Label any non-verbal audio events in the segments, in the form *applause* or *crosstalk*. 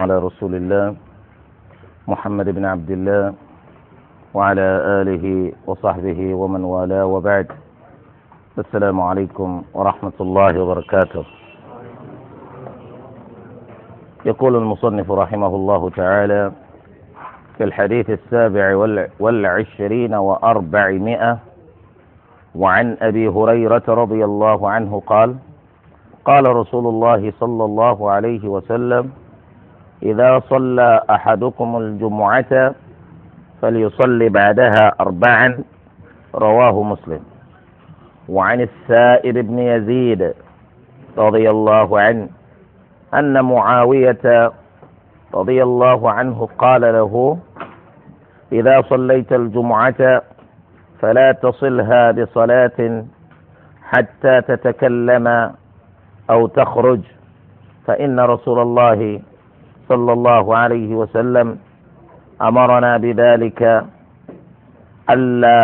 على رسول الله محمد بن عبد الله وعلى آله وصحبه ومن والاه وبعد السلام عليكم ورحمة الله وبركاته يقول المصنف رحمه الله تعالى في الحديث السابع والعشرين وأربعمائة وعن أبي هريرة رضي الله عنه قال قال رسول الله صلى الله عليه وسلم إذا صلى أحدكم الجمعة فليصلي بعدها أربعا رواه مسلم وعن السائر بن يزيد رضي الله عنه أن معاوية رضي الله عنه قال له إذا صليت الجمعة فلا تصلها بصلاة حتى تتكلم أو تخرج فإن رسول الله صلى الله عليه وسلم امرنا بذلك الا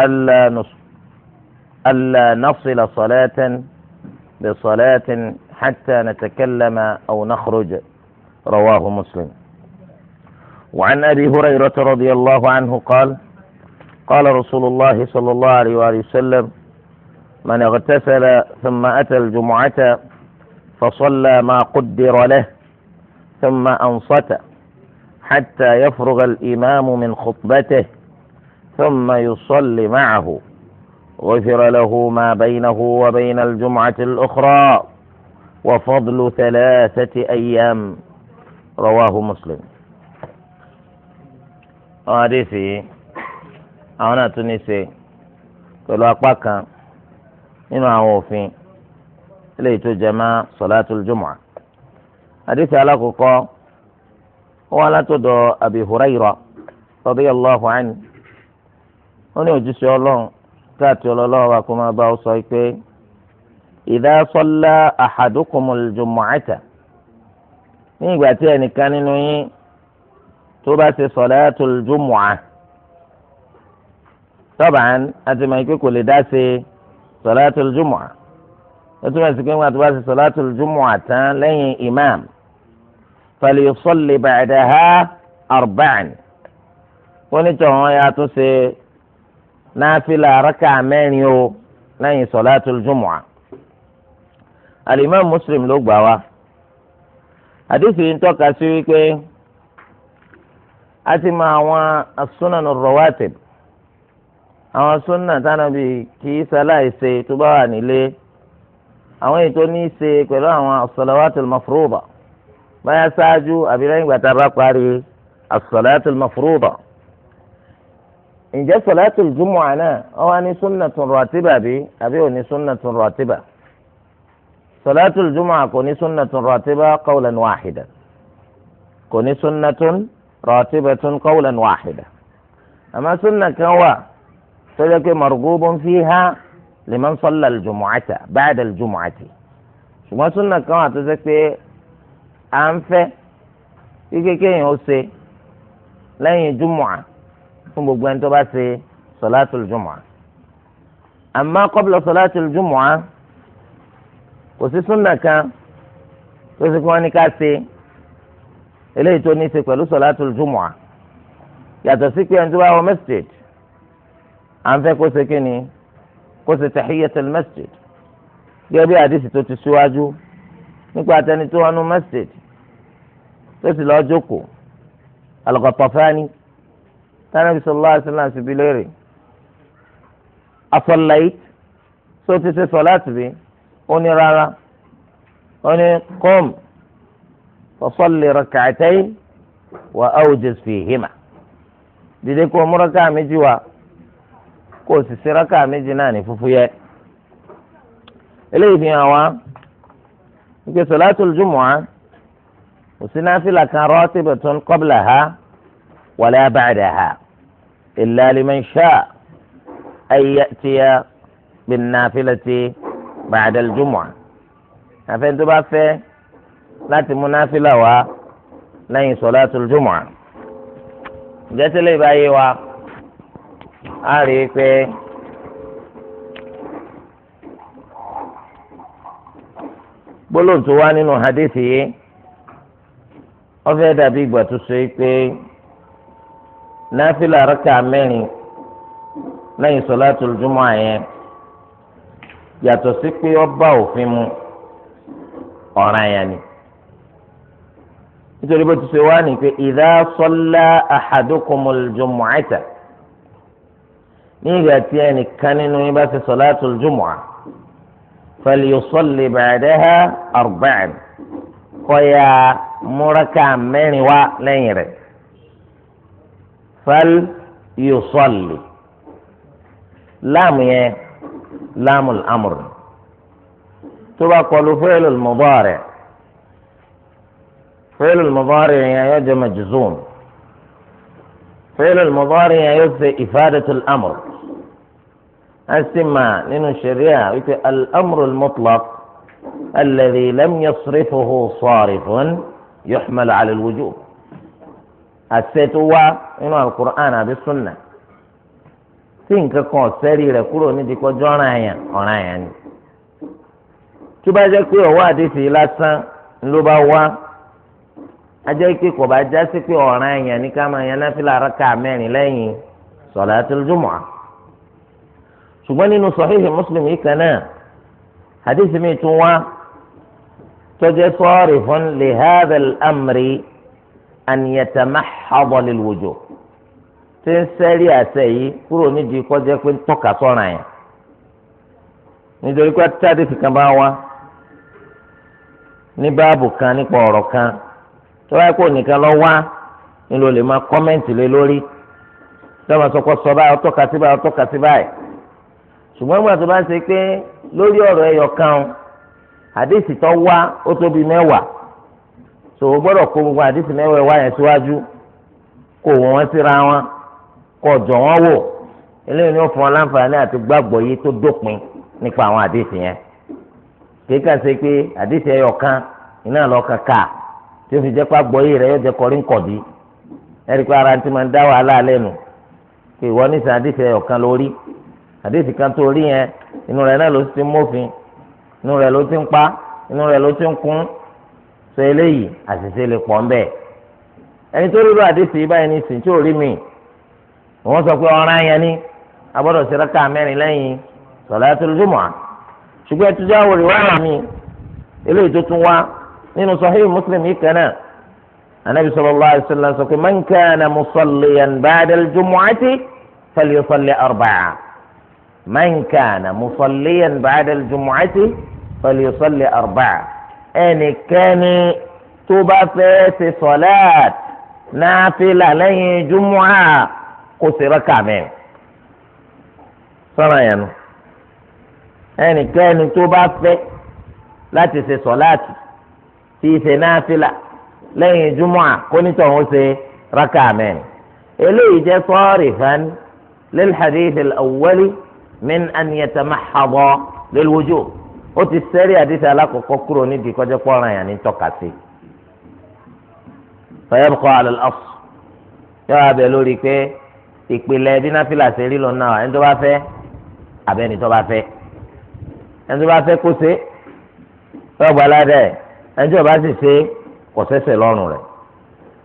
الا نص الا نصل صلاه بصلاه حتى نتكلم او نخرج رواه مسلم وعن ابي هريره رضي الله عنه قال قال رسول الله صلى الله عليه وآله وسلم من اغتسل ثم أتى الجمعة فصلى ما قدر له ثم أنصت حتى يفرغ الإمام من خطبته ثم يصلي معه غفر له ما بينه وبين الجمعة الأخرى وفضل ثلاثة أيام رواه مسلم أعرفي أنا تونسي pẹ̀lú apá kan nínú àwọn òfin eléyìí tó jẹ mọ́ àdìsí alákòókò wọn alátọ̀dọ̀ Abi Hurayra radiyallahu anhu ó ní òjíṣẹ Ọlọ́run káàtì ọlọlọrun wa kó máa bá ọ sọ pé idha salla ahadukumul jumu'ata ní ìgbà tí ẹnìkan nínú yín tó bá ṣe salatul jumu'ah tọ́bàn àti mọ̀ ikú kò lè dá ṣe salatul jumu'ah ó túmọ̀ sí pé wọn àti wá ṣe salatul jumu'ah tán lẹ́yìn imam. فليصلي بعدها أربعا ونجوه يا تسي نافلة ركع مانيو لين صلاة الجمعة الإمام مسلم لو بوا حديثي انتوكا سيويكي أتي مع السنن الرواتب àwọn súnà tánàbì kì í ṣaláìṣe tó bá wà nílé àwọn ètò ní í ṣe pẹ̀lú àwọn as-salawatul mafruḍa báyà ṣáájú àbí lẹ́yìn ìgbà tá a bá parí as-salatul mafruḍa ǹjẹ́ salatul jumu'a náà ó wà ní sunnatun ratiba bí àbí ò ní sunnatun ratiba salatul jumu'a kò ní sunnatun ratiba qawlan wahida kò ní sunnatun ratibatun qawlan wahida àmọ́ sunna kan wà tó yẹ pé marghubun fiha liman salla al-jumu'ata ba'da al-jumu'ati ṣùgbọ́n sunna kan wà tó yẹ pé à ń fẹ́ kí kékeré yẹn ó ṣe lẹ́yìn júmọ̀à fún gbogbo ẹni tó bá ṣe sọ̀látùl júmọ̀à àmọ́ kọ́bùlọ̀ sọ̀látùl júmọ̀à kò sí súnà kan tó ṣe kí wọ́n ní ká ṣe eléyìí tó ní í ṣe pẹ̀lú sọ̀látùl júmọ̀à yàtọ̀ sí pé ẹni tó bá wọ masjid à ń fẹ́ kó ṣe kí kó ṣe tahiyatul masjid gẹ́gẹ́ bí àdìsí tó ti síwájú nípa àtẹni wọnú masjid tó sì lọ́ọ́ jókòó alùpàpàfáàní tánà bí sọlá àṣìlá ṣubí léèrè asọ̀láyé tó ti ṣe sọ láti bí ó ní rárá ó ní kọ́m fọ́sọ́lì rakàtẹ́yìn wà áwùjẹ fìhìmà dìde kó mú rákà méjì wá kó o sì ṣe rákà méjì náà ní fúfú yẹ eléyìí fi hàn wá ìpèsè látòlù jùmọ̀ á òsì náfìlà kan ratibatun qablaha wala ba'daha illa liman sha'a an ya'tiya bin nafilati ba'da al-jumu'ah àfẹn tó bá fẹ́ láti mú náfìlà wá lẹ́yìn salatul jumu'ah jẹ́tẹ́lẹ́ ìbáyé wa a rí i pé. gbólóhùn tó wá nínú hadithi yìí ọfẹ dàbí ìgbà tó so yìí pé náfìlà rákà mẹ́rin lẹ́yìn sọlátul jumu'a àyẹn yàtọ̀ sí pé ó bá òfin mu ọ̀ràn yẹn ni nítorí bó ti ṣe wá ní pé idha salla ahadukumul jumu'ata ní ìgbà tí ẹnìkan nínú yín bá ṣe sọlátul jumu'a falyusalli ba'daha arba'an kọ́ya. múraká mẹ́rin wá lẹ́yìn rẹ̀ fal yusalli láàmù yẹn láàmù amr tó bá kọlu fẹ́ẹ́lù mudari' فعل المضارع يا يد مجزوم فعل المضارع يد إفادة الأمر أسمى لأن الشريعة الأمر المطلق الذي لم يصرفه صارف yuhmal ala al-wujub àṣẹ tó wá nínú alukur'an àbí sunna tí nǹkan kan ọ̀sẹ́rì rẹ̀ kúrò níbi kọjọ́ ọ̀ràn àyàn ọ̀ràn àyàn ni tó bá jẹ́ pé ọ̀wọ́ àdéfì lásán ló bá wá ajẹ́ pé kò bá já sí pé ọ̀ràn àyàn ní ká máa yan náfìlà rákà mẹ́rin lẹ́yìn salatul jumu'ah ṣùgbọ́n nínú sahihi Muslim yìí kan náà àdéfì mi tún wá tọ́jẹ́ tọ́ọ̀rì fún lihadal amri aniyatama habalil wujo tí ń sẹ́rí àṣẹ yìí kúrò nídìí kọjá pé ń tọ́ka sọ́ra yẹn nítorí pé táàdì kankan bá wá ní báàbù kan nípa ọ̀rọ̀ kan tó wáyé kó nìkan lọ wá nílò lè máa kọ́mẹ́ǹtì lé lórí tọ́mọ sọkọ sọ báyìí ọtọ́ka sí báyìí ọtọ́ka sí báyìí ṣùgbọ́n gbà bá ṣe pé lórí ọ̀rọ̀ ẹyọ kan o àdìsí tó wá ó tóbi mẹ́wàá so o gbọ́dọ̀ kó gbogbo àdìsí mẹ́wàá wá yẹn síwájú kó wọ́n wọ́n síra wọn kó jọ wọ́n wò eléyìí ni ó fún ọ láǹfààní àti gbàgbọ́ yìí tó dópin nípa àwọn àdìsí yẹn kéka ṣe pé àdìsí ẹyọ kan iná lọ kàkà tí ó fi jẹ́ pàgbọ́ yìí rẹ̀ yóò jẹ́ kọrí nkọ̀dí ẹ̀rí pé ara ti máa ń dá wàhálà alẹ́ nù pé ìwọ nísìnyí àdìsí ẹyọ kan lórí àdìsí kan tó rí yẹn inú rẹ̀ náà ló ti mófin inú rẹ̀ ló ti ń pa inú rẹ̀ ló ti ń kún sọ eléyìí àṣìṣe lè pọ̀ ńbẹ̀ ẹni tó rírọ àdéhùn báyìí ní sìn tí ò rí mi wọ́n sọ pé ọ̀ràn yẹn ni a gbọ́dọ̀ ṣe rákà mẹ́rin lẹ́yìn salatul jumu'ah ṣùgbọ́n ẹtú jáwó rẹ̀ wá mi eléyìí tó tún wá nínú sahih muslim kan náà anabi sallallahu alaihi wasallam sọ pé man kana musalliyan ba'da al-jumu'ati falyusalli arba'a man kana musalliyan ba'da al-jumu'ati falyusalli arba'a ẹnikẹ́ni tó bá fẹ́ ṣe sọ̀láàt náfìlà lẹ́yìn jumu'a kó ṣe rákà mẹ́rin sọ́nà yẹn nu ẹnikẹ́ni tó bá fẹ́ láti ṣe sọ̀láàt tí ṣe náfìlà lẹ́yìn jumu'a kó nítorí wọn ṣe rákà mẹ́rin eléyìí jẹ́ sọ́ọ̀rì hàn lil hadith al-awwali min an yatamáhàbọ lil wujub ó ti sẹ́rí àdìsí alákọ̀ọ́kọ́ kúrò nídìí kọjá pọ́nrán yàn ní tọ́ka sí. fayabqa ala al-asl yóò wá bẹ̀ lórí pé ìpìlẹ̀ bí náfìlà ṣe rí lọ náà ẹni tó bá fẹ́ àbẹ́ni tó bá fẹ́ ẹni tó bá fẹ́ kó ṣe yóò gba aládẹ ẹni tó bá sì ṣe kò sẹ́sẹ̀ lọ́rùn rẹ̀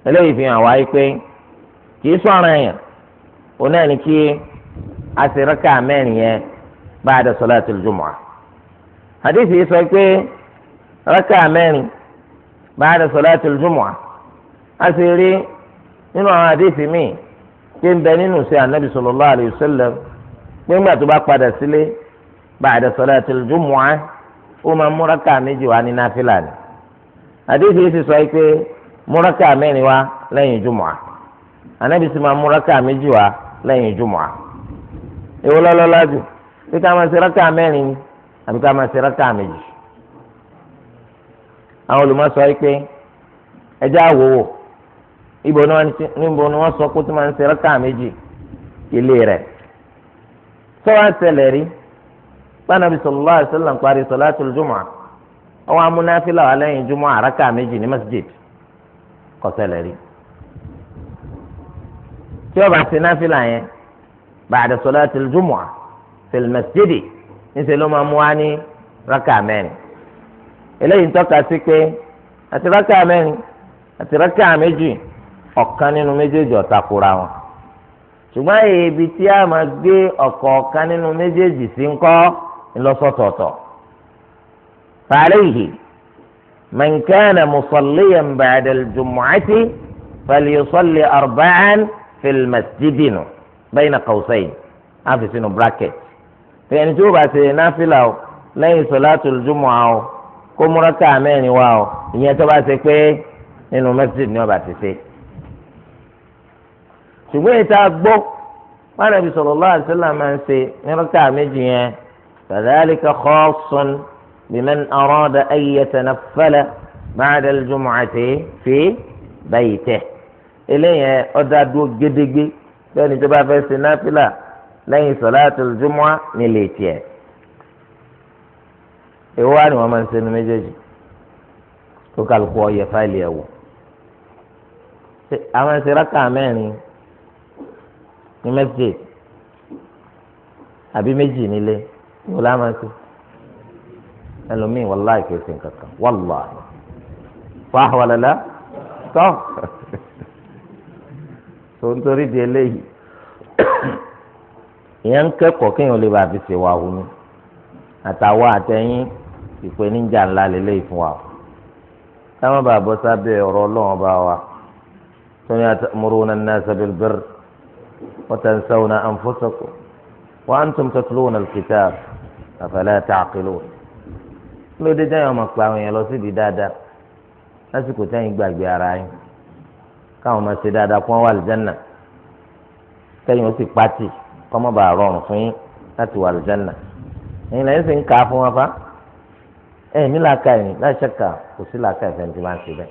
eléyìí fi hàn wáyé pé kì í sọ̀rọ̀ ẹ̀yàn òun náà ní kí àsìrìkà mẹ́rin yẹn báadà sọláàtì jùmọ̀ hadithi sọ pé raka mẹ́rin báadà sọláàtì jùmọ̀ a sì rí nínú àwọn hadithi míì pé ń bẹ nínú sí anabi sallallahu alayhi wa sallam pé ńgbà tó bá padà sílé báadà sọláàtì jùmọ̀ ó máa mú raka méjì wá ní náfìlà ni hadithi sì sọ pé mú raka mẹ́rin wá lẹ́yìn jùmọ̀ anabi sì máa mú raka méjì wá lẹ́yìn jùmọ̀ èwo lọ́lọ́lá jù bí ká máa ṣe rákà mẹ́rin ni àbí ká máa ṣe rákà méjì. àwọn olùmọ̀sọ yìí pé ẹjẹ́ àwòwò ibo ni wọ́n sọ pé tó máa ń ṣe rákà méjì ilé rẹ̀. sọ́wọ́n ṣẹlẹ̀ rí pànàbí sallallahu alaihi wasallam parí salatul jumu'ah ọwọ́ amúnáfíà wà lẹ́yìn jumu'ah rákà méjì ní masjid kò rí. tí ó bá yẹn bàdà sọláàtì jùmùà fìlmẹsídì níṣẹ ló máa mú wá ní rákà mẹ́rin eléyìí ń tọ́ka sí pé àti rákà mẹ́rin àti rákà méjì ọ̀kan nínú méjèèjì ọ̀takùra wọn ṣùgbọ́n ibi tí a máa gbé ọ̀kọ̀ọ̀kan nínú méjèèjì sí ń kọ́ ńlọsọ̀tọ̀ọ̀tọ̀ fàlẹ́yìí mẹ̀ńkánà mùsọ̀lẹ́yìn bàdà jùmùà ti fàlẹ́yìí sọ́lẹ̀ àrùbáàn fìlmẹsídì nù bayna qawsayn á fi sínú bracket ẹni tí ó bá ṣe náfìlà o lẹ́yìn solatul jumu'a o kó múraka mẹ́rin wá o ìyẹn tó bá ṣe pé nínú masjid ni ó bá ti ṣe. ṣùgbọ́n ìta gbọ́ Ànábì sallallahu alaihi wasallam máa ń ṣe múraka méjì yẹn fadhalika khassun biman arada an yatanaffala ba'da al-jumu'ati fi baytihi eléyẹn ó dúró gédégbé bẹ́ẹ̀ ni tó bá fẹ́ ṣe náfìlà lẹ́yìn sọ̀láàtì jùmọ̀ nílé tiẹ̀ èwo wá ni wọ́n máa ń ṣe ní méjèèjì kó kálukú ọyẹ fáìlì ẹ̀ wò àwọn ẹsẹ̀ rákà mẹ́rin ní mẹ́sídẹ̀ẹ́d àbí méjì nílé ìwọ la máa ṣe ẹlòmíì wàláì kìí fáwọn àlàlà tọ́ tó ń torí di eléyìí ìyẹn ń kẹ́kọ̀ọ́ kéèyàn lè bàa fi ṣèwà wù mí àtàwọn àtẹ̀yìn ìpèníjà ńlá lélẹ́yìí fún wa ká má bàa bọ́ sábẹ́ ọ̀rọ̀ ọlọ́run bá wa tó ní atamuruna an-nasa bil birr wa tansawna anfusakum wa antum tatluna al-kitab afala ta'qilun lóde dáhùn ọmọ pa àwọn èèyàn lọ síbi dáadáa lásìkò táyìn gbàgbé ara yín káwọn máa ṣe dáadáa kó wọn wà lìjánà kẹ́yìn ó sì pàtì kó má bàa rọrùn fún yín láti wà lìjánà ẹ̀yin lẹ́yìn sì ń kà á fún wọn fa ẹ̀yin mi làákà ẹ̀yìn láṣẹ kà kò sí làákà ẹ̀fẹ̀ ní ti máa ń ṣe bẹ́ẹ̀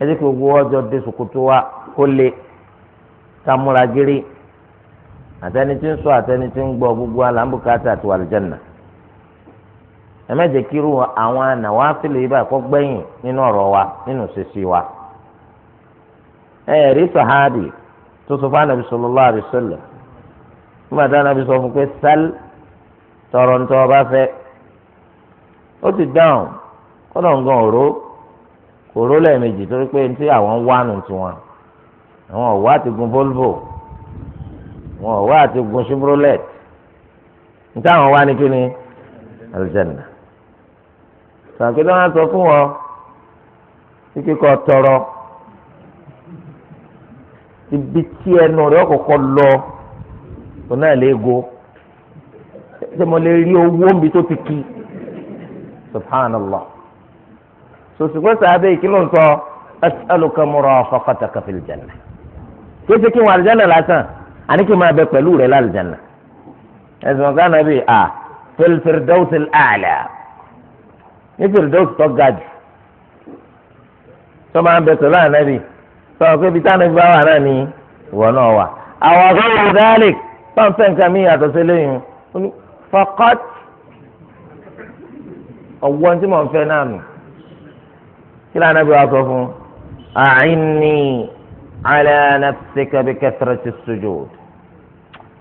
ẹ jẹ́ kí gbogbo ọjọ́ dé ṣòkòtò wa kó le ká múra gírí àtẹni tí ń sọ àtẹni tí ń gbọ́ gbogbo alàǹbùkátà àti wà lìjánà ẹ má jẹ́ kí irú àwọn ànàwọ́ àfìlè yìí báyìí kó gbẹ̀yìn nínú ọ̀rọ̀ wa nínú ṣèṣì wa. ẹ rí sàhábì tó sọ fún anabi sallallahu alaihi nígbà sal tọrọ ntọ tọrọ ó ti dáhùn kọlọ nǹkan òró kò lẹ́ẹ̀mejì torí pé ntí àwọn wá nù tiwọn àwọn ọ̀wá àti gun volvo àwọn ọ̀wá àti gun chevrolet wá ní kíni sọ fún tọrọ. ibi tí ẹnu rẹ̀ ọ̀kọ̀ọ̀kọ̀ lọ tó náà léego ṣé mo lè rí owó mi tó ti kí subhanallah sòsìkò sàbẹ̀ ìkìlọ̀ ń sọ as'aluka murafaqataka fil janna kéṣe kí wọn àlùjáná lásán àní kí n máa bẹ pẹ̀lú rẹ̀ lálùjáná ẹ̀sìn ọ̀gá náà bíi a fil firdawsi al-a'la ní firdawsi tó ga jù tó máa ń bẹ pẹ̀lú ànábì sọ̀rọ̀ pé bíi táwọn ẹgbẹ́ wà náà ni ìwọ náà wà. àwọn akọ́wé dalek pàǹpẹ́ nǹkan mi yàtọ̀ sí lẹ́yìn fọkọ́t ọ̀wọ́n tí mò ń fẹ́ náà nù. kí lóun náà bí wàá sọ fún àìní alẹ́nàfẹ́sẹ́kẹ́ bí kẹsàrẹ́ ti sojú.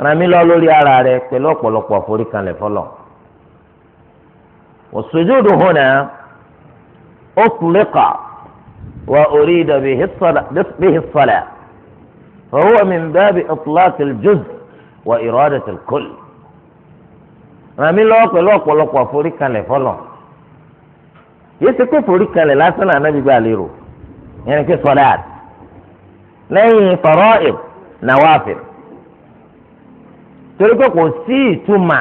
ràn mí lọ lórí ara rẹ pẹ̀lú ọ̀pọ̀lọpọ̀ àforíkanlẹ̀ fọlọ́. wọ́n sojú dùn hùn náà ó kúlẹ̀ kọ́. وأريد به الصلاة, به الصلاة فهو من باب إطلاق الجزء وإرادة الكل àmì lọ́wọ́ pẹ̀lú ọ̀pọ̀lọpọ̀ àforíkalẹ̀ fọlọ̀ yìí ṣe pé foríkalẹ̀ lásán náà nábì gbà lérò yẹn ni pé sọ́dáàt lẹ́yìn fọ̀rọ́ìb nàwáfìl torí pé kò sí ìtumà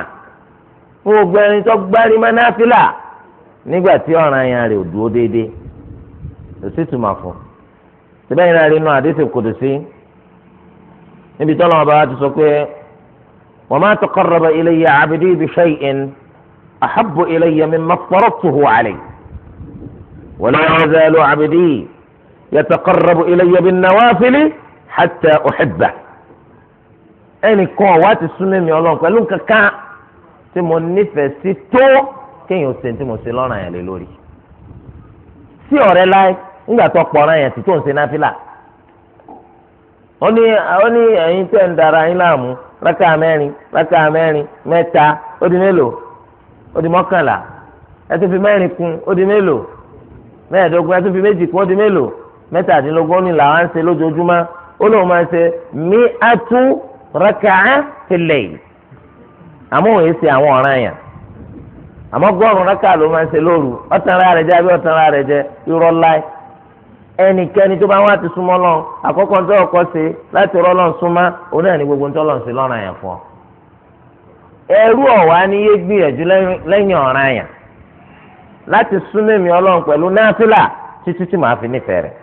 fún gbogbo ẹni tó gbárí mọ́ náfìlà nígbà tí ọ̀ranyàn rẹ̀ ò dúró déédéé òsì tùmọ̀ fún síbẹ̀yìn náà rí inú àdìsí kùdùsí níbi tọ́lọ́ ọba wa ti sọ pé wa ma taqarraba ilayya abdi bi shay'in ahabbu ilayya mimma aftaradtuhu alayhi wa la yazalu abdi yataqarrabu ilayya bin nawafili hatta uhibbahu ẹnìkan wá ti súnmọ́ mi ọlọ́run pẹ̀lú kankan tí mo nífẹ̀ẹ́ sí tó kéèyàn ṣe tí mo ṣe lọ́ràn yẹn lé lórí sí ọ̀rẹ́ láì. nígbà tó pọ̀nrán yẹn ti tó ń ṣe náfìlà ó ní ó ní ẹ̀yin tẹ̀ ń dara yín láàmú rákà mẹ́rin rákà mẹ́rin mẹ́ta ó di mélòó ó di mọ́kànlá ẹ fi mẹ́rin kún ó di mélòó mẹ́ẹ̀ẹ́dógún ẹ fi méjì kún ó di mélòó mẹ́tàdínlógún ni làwọn ń ṣe lójoojúmọ́ ó lóun máa ń ṣe mí atú rákà fìlẹ̀ yìí yìí ẹnikẹ́ni tó bá wá ti súnmọ́ lọ́n àkọ́kọ́ tó ọkọ ṣe láti rọ́lọ́n súnmọ́ òun náà ni gbogbo ń tọ́lọ̀ sí lọ́ràn yẹn fún ọ. ẹrú ọ̀wá ni yé gbìyànjú lẹ́yìn ọ̀ràn yẹn láti súnmọ́ èmi ọlọ́run pẹ̀lú náfìlà fi nífẹ̀ẹ́ rẹ̀.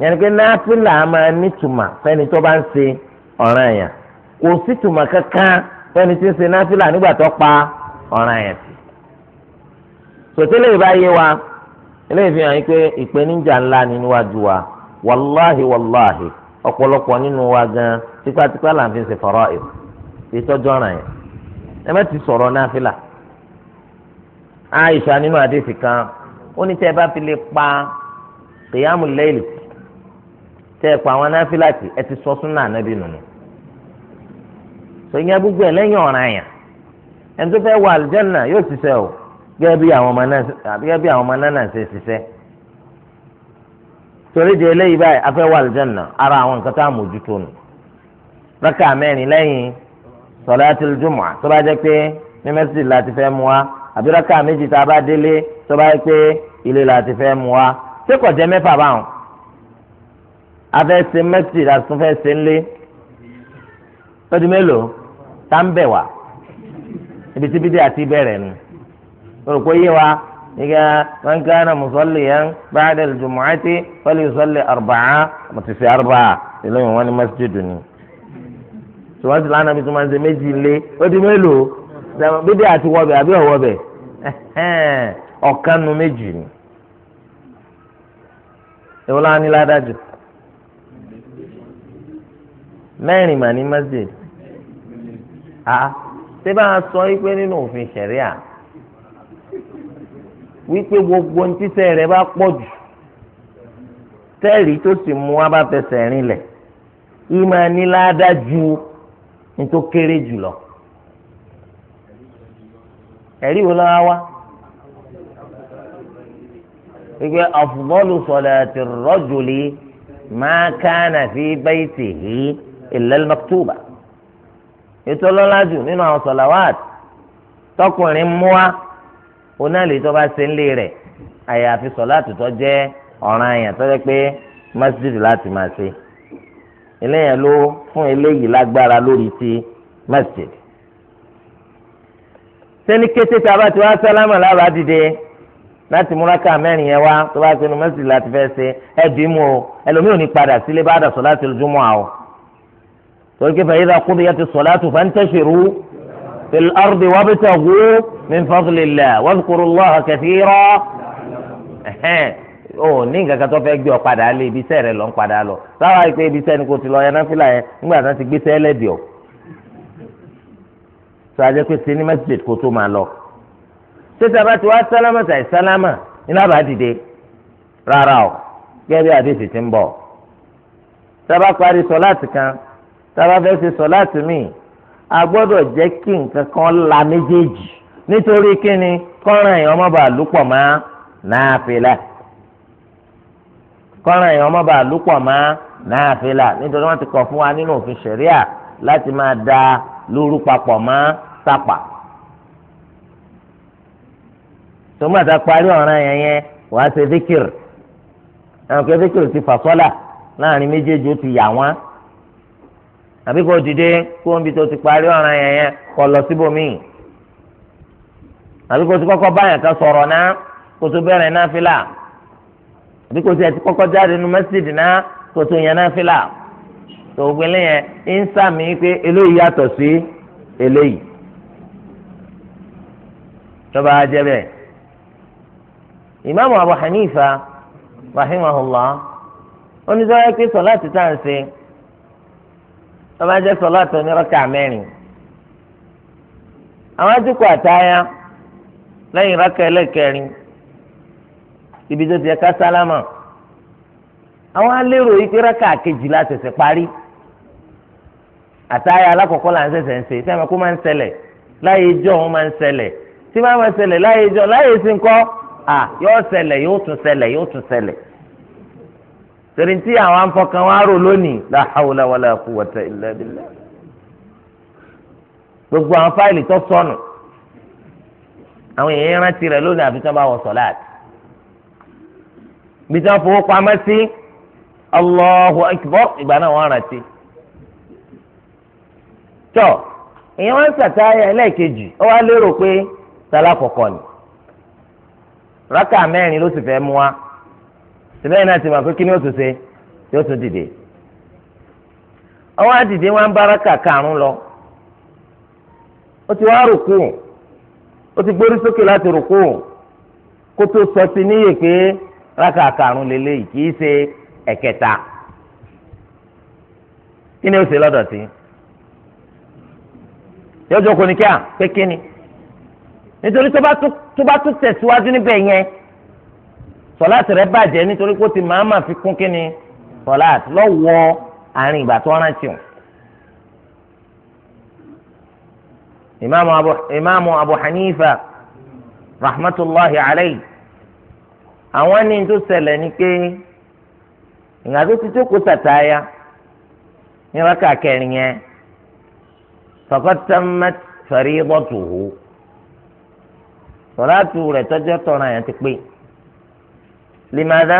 yẹn ni pé náfìlà máa nítumà fẹ́ni tó bá ń ṣe ọ̀ràn yẹn kò sí tùmà kankan fẹ́ni eléyìí fi hàn yín pé ìpèníjà ńlá ni níwájú wa wàláhì wàláhì ọ̀pọ̀lọpọ̀ nínú wa gan tipátipá là ń fi ṣe fọ̀rọ̀ ẹ̀ ìtọ́jú ọ̀ràn yẹn ẹ ti sọ̀rọ̀ náfìlà Aisha nínú àdéhìí kan ó bá fi lè pa kìyàmù lẹ́yìn tẹ́ ẹ pa àwọn ẹ ti sọ nùnú sọ gbogbo ẹ lẹ́yìn ọ̀ràn yẹn ẹni tó fẹ́ gẹ́gẹ́ bí àwọn ọmọ náà náà ṣe ṣiṣẹ́ torí di eléyìí báyìí afẹ́ wà lìjánà ara àwọn nǹkan tá a mójútó nù rákà mẹ́rin lẹ́yìn sọ̀láàtì jùmọ̀ tó bá jẹ́ pé ní mẹ́sìlì láti fẹ́ mu wa àbí rákà méjì tá a bá délé tó bá jẹ́ pé ilé láti fẹ́ mu wa ṣé kò jẹ́ mẹ́fà báwọn afẹ́ ṣe mẹ́sìlì láti tún fẹ́ ṣe ń lé lọ́dún mélòó tá ń bẹ̀ wá ibi tí bídé àti bẹ̀rẹ̀ nù rò pé yé wa nígbà man kana musalliyan ba'da al-jumu'ati falyusalli arba'a mọ̀tìsí arba'a ìlẹ́yìn wọn ni masjid ni tùwọ́n ti lánàá bí tó máa ń ṣe méjì lé ó di mélòó bídé àti wọ́bẹ̀ àbí ọ̀wọ́bẹ̀ ọ̀kan nu méjì ni èwo la ní ládájú mẹ́rin mà ní masjid ah ṣé bá sọ yí pé nínú òfin wípé gbogbo ntísẹ́ rẹ̀ bá pọ̀ jù tẹ́ẹ̀rí tó sì mú wa bá fẹsẹ̀ rinlẹ̀ ìmọ̀ níláàdá ju nítorí kéré jùlọ. ẹ̀rí wo lọ́wọ́ wá wípé afdalu salati rajuli ma kana fi baytihi illa al-maktuba ètò ọlọ́lá jù nínú àwọn sọ̀làwàt tọkùnrin mú wa oná lè tó bá ṣe ń lé rẹ̀ àyàfi sọ̀láàtù tó jẹ́ ọ̀ranyàn tó jẹ́ pé masjid láti máa ṣe eléyàn ló fún eléyìí lágbára lórí ti masjid. sẹ́ni kété tá a bá ti wá sálámà lábàá dìde láti múraká mẹ́rin yẹn wá tó bá pinnu masjid láti fẹ́ ṣe ẹ̀dín mu o ẹlòmíì ní padà sílé bá dà sọ̀láàtù lójúmọ́ àwọ̀ torí pé fẹ́ yíra kúndùyà ti sọ̀láàtù fantashiru في الأرض وابتغوا من فضل الله واذكروا الله كثيرا o ní nǹkan kan tó fẹ́ gbé ọ padà lé ibiṣẹ́ rẹ lọ ń padà lọ sáwá yìí pé ibiṣẹ́ ni kò ti lọ yẹn náà fìlà yẹn nígbà tó ti gbéṣẹ́ lẹ́dìí ọ. sọ ajẹ́ pé sinimá street kò tó máa lọ. ṣéṣe abá ti wá sálámà tàì sálámà ní lábàá dìde rárá o gẹ́gẹ́ bí àdéhùn ti ń bọ̀. sábà parí sọ láti kan sábà fẹ́ ṣe sọ láti míì agbọdọ je jẹ́ kí nǹkan kan la méjèèjì nítorí kíni kọ́ran èèyàn má ma na mọ́ náàfilà kọ́ran èèyàn má bàa lúpọ̀ mọ́ náàfilà nítorí wọ́n ti kọ̀ fún wa nínú òfin láti máa da lóru papọ̀ mọ́ sápà. tòmátà parí ọ̀ràn yẹn yẹn wàá ṣe díkìrì àwọn kẹ́ ti fà sọ́là láàrin méjèèjì ó ti àbí kò dìde kó o ń bi tó ti parí ọ̀ràn yẹn yẹn kó lọ síbòmíì àbí kò ti kọ́kọ́ báyàn kan sọ̀rọ̀ náà kó tó bẹ̀rẹ̀ náà fìlà àbí kò ti ẹ̀ ti kọ́kọ́ jáde nu mẹ́sídì náà kó tó yẹn náà fìlà tó gbélé yẹn ń sàmì pé eléyìí yàtọ̀ sí eléyìí tọ́ba ajẹ́ bẹ́ẹ̀ ìmáàmù Abu Hanifa rahimahullah oníṣẹ́ wáyé pé sọ̀ láti tá à ọba jẹ́ sọlá tó ní rọ́kà mẹ́rin àwọn àtìkù àtàyà lẹ́yìn rọ́kà ẹlẹ́kẹrin ibi tó ti yẹ sálámà àwọn alérò yìí pé rọ́kà kejìlá ṣẹ̀ṣẹ̀ parí àtàyà alákọ̀ọ́kọ́ là ń ṣẹ̀ṣẹ̀ ń ṣe sẹ́mi kó máa ń ṣẹlẹ̀ láyé ijó òun máa ń ṣẹlẹ̀ tí máa ń ṣẹlẹ̀ láyé láyé à yóò torí tí àwọn afọkàn wa rò lónìí la hawla wala quwwata illa billah gbogbo àwọn fáìlì tó sọnù àwọn èèyàn rántí rẹ lónìí àfi tí wọn bá wọ sọláàtì bí tí wọn fowó pamọ́ sí Allahu akbar ìgbà náà wọn rántí tọ èèyàn wọn sàtáyà ẹlẹ́ẹ̀kejì ó wá lérò pé sálá ni rákà mẹ́rin ló sì fẹ́ mú wa. sìbẹ́yìn náà ti mọ̀ pé kí ni ó tún ṣe yóò tún dìde lọ ó ti wá rùkú ó ti gbórí sókè láti rùkú kó tó sọ sí níyè pé rákàkàrún lélẹ́yìí kì í ṣe ẹ̀kẹta kí ni ó ṣe lọ́dọ̀ kò ní kí à pé kí ni nítorí tó sọláàtì rẹ bàjẹ́ nítorí pé ó ti fi kún kínni sọláàtì lọ́wọ́ àárín ìgbà tó rántí o. imaamu abu hanifa rahmatulahi alayhi àwọn ní tó ṣẹlẹ̀ ni pé ìgbà tó ti jókòó tàtàyà ní rákà kẹrin yẹn sọláàtì lèmàdá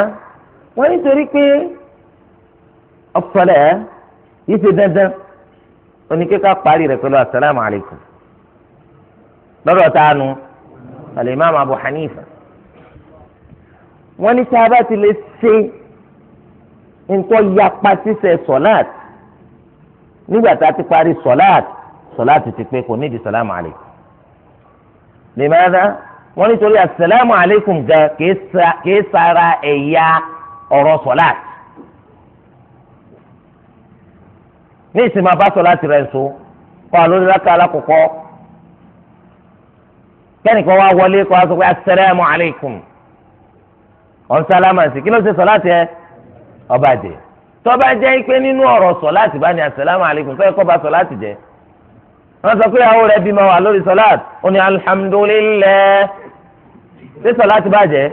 wọ́n nítorí pé ọ̀pọ̀lẹ̀ yìí ṣe dandan oníkéka parí rẹ̀ pẹ̀lú asalaamu alaykum lọ́dọ̀ tánu alimami abu hanifa wọ́n ní sábà ti lè ṣe nǹkan yapa ṣíṣe sọ̀láàt nígbà tá a ti parí sọ̀láàt sọ̀láàt ti pé kò nídìí sàlámù alaykum lèmàdá wọ́n nítorí asalaamu aleykum gan kìí sara ẹ̀yà ọ̀rọ̀ sọ̀láàt ní ìsìn máa bá sọ̀láàt rẹ̀ nso kọ́ àlórí rákà alákọ̀ọ́kọ́ kẹ́nìkan wá wọlé kọ́ aṣọ pé asalaamu aleykum ọ̀nsálámà sí kí ló ṣe sọ̀láàt yẹ ọba dé tọ́ba jẹ́ pé nínú ọ̀rọ̀ sọ̀láàt bá ní asalaamu aleykum sọ́yẹ́ kọ́ ba sọ̀láàt jẹ́ wọ́n sọ pé àwọn rẹ̀ bímọ wà lórí sọ̀láàt ó ní alihamudulilayi ṣé sọláàtì bàjẹ́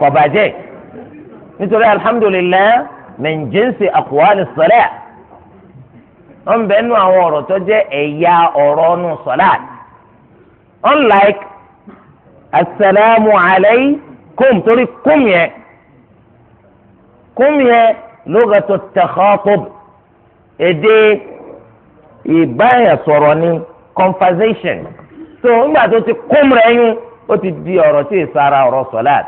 kò bàjẹ́ nítorí alhamdulilayi min jinsi aqwali sọlá wọn bẹ nù àwọn ọ̀rọ̀ tó jẹ́ ẹ̀yà ọ̀rọ̀ nù sọlá unlike asalaamu alaykum torí kum yẹn kum yẹn lugatu takhatub èdè ìbáyà sọ̀rọ̀ ni conversation so nígbà tó ti kum rẹ̀ yún. ó ti di ọ̀rọ̀ tí ì sara ọ̀rọ̀ sọ̀láàt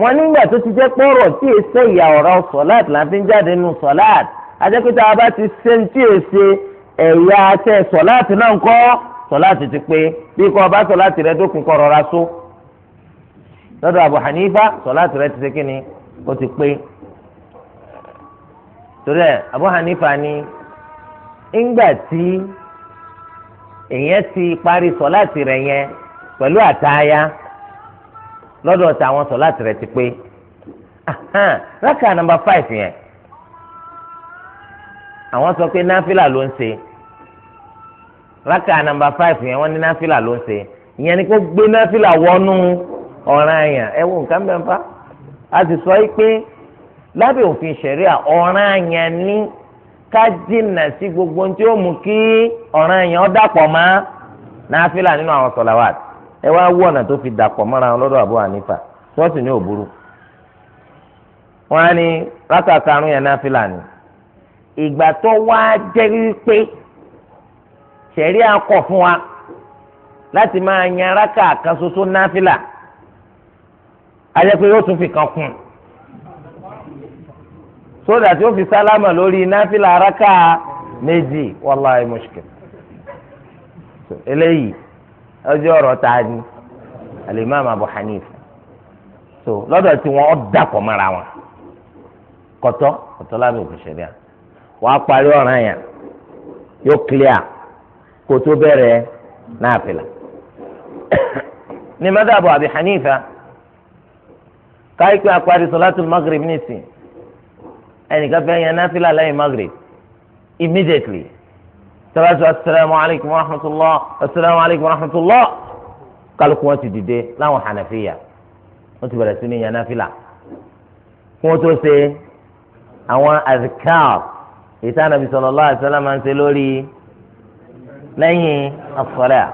wọn nígbà tó ti jẹ́ pé ọ̀rọ̀ tí ì sẹ́ ìyà ọ̀rọ̀ sọ̀láàt là ń fi jáde nù sọ̀láàt ajẹ́pẹ́tà bá ti ṣe ń tí ì ṣe ẹ̀yà tẹ sọ̀láàt náà ń kọ́ sọ̀láàt ti pé bí kò bá sọ̀láàt rẹ dókun kọ́ rọra só lọ́dọ̀ Abu Hanifa sọ̀láàt rẹ ti ṣe kí ni ó ti pé torí ẹ̀ Abu Hanifa ni ńgbà tí èèyàn ti parí sọ̀láàt rẹ yẹn pẹ̀lú àtàyà lọ́dọ̀ tàwọn sọ láti rẹ̀ ti pé rákà nàmbà five yẹn àwọn sọ pé náfìlà ló ń ṣe rákà nàmbà five yẹn wọ́n ní náfìlà ló ń ṣe ìyẹn ni kó gbé náfìlà wọnú ọ̀ràn àyàn ẹ wo nǹkan bẹ́ẹ̀ fa a sì sọ pé lábẹ́ òfin ṣẹ̀ríà ọ̀ràn àyàn ní ká sí gbogbo ohun tí ó mú kí ọ̀ràn àyàn dàpọ̀ mọ́ náfìlà nínú àwọn sọ̀làwàtì. ẹ wá wọ ọ̀nà tó fi dàpọ̀ mọ́ra wọn lọ́dọ̀ Abu Hanifa wọ́n sì ní òbúrú wọn á ní rákà karùn yẹn náà fìlàní ìgbà tó wá jẹ́ wípé ṣẹ̀rí wa láti máa yan rákà kan ṣoṣo náà fìlà ajẹ́pẹ́ yóò tún fi kan kún sódà tí ó fi sálámà lórí rákà méjì eléyìí ọjọ́ ọ̀rọ̀ ta ni alimami abu hanifa so lọ́dọ̀ tí wọ́n dàpọ̀ mọ́ra wọn kọ́tọ́ kọ́tọ́ lábẹ́ òfin wàá parí ọ̀ràn yẹn yóò clear kó tó bẹ̀rẹ̀ náà fìlà ní madhabu abu káyipẹ́ fẹ́ yẹn náà fìlà lẹ́yìn immediately. sọ́wọ́sọ́ asalaamu alaykum wa rahmatulah asalaamu alaykum wa rahmatulah kálukú wọn ti dìde láwọn hànàfíyà wọn ti bẹ̀rẹ̀ sí ní yanáfìlà kí wọ́n tó ṣe àwọn azikar ìta nàbì sallallahu alaihi wasallam máa ń ṣe lórí lẹ́yìn as-salat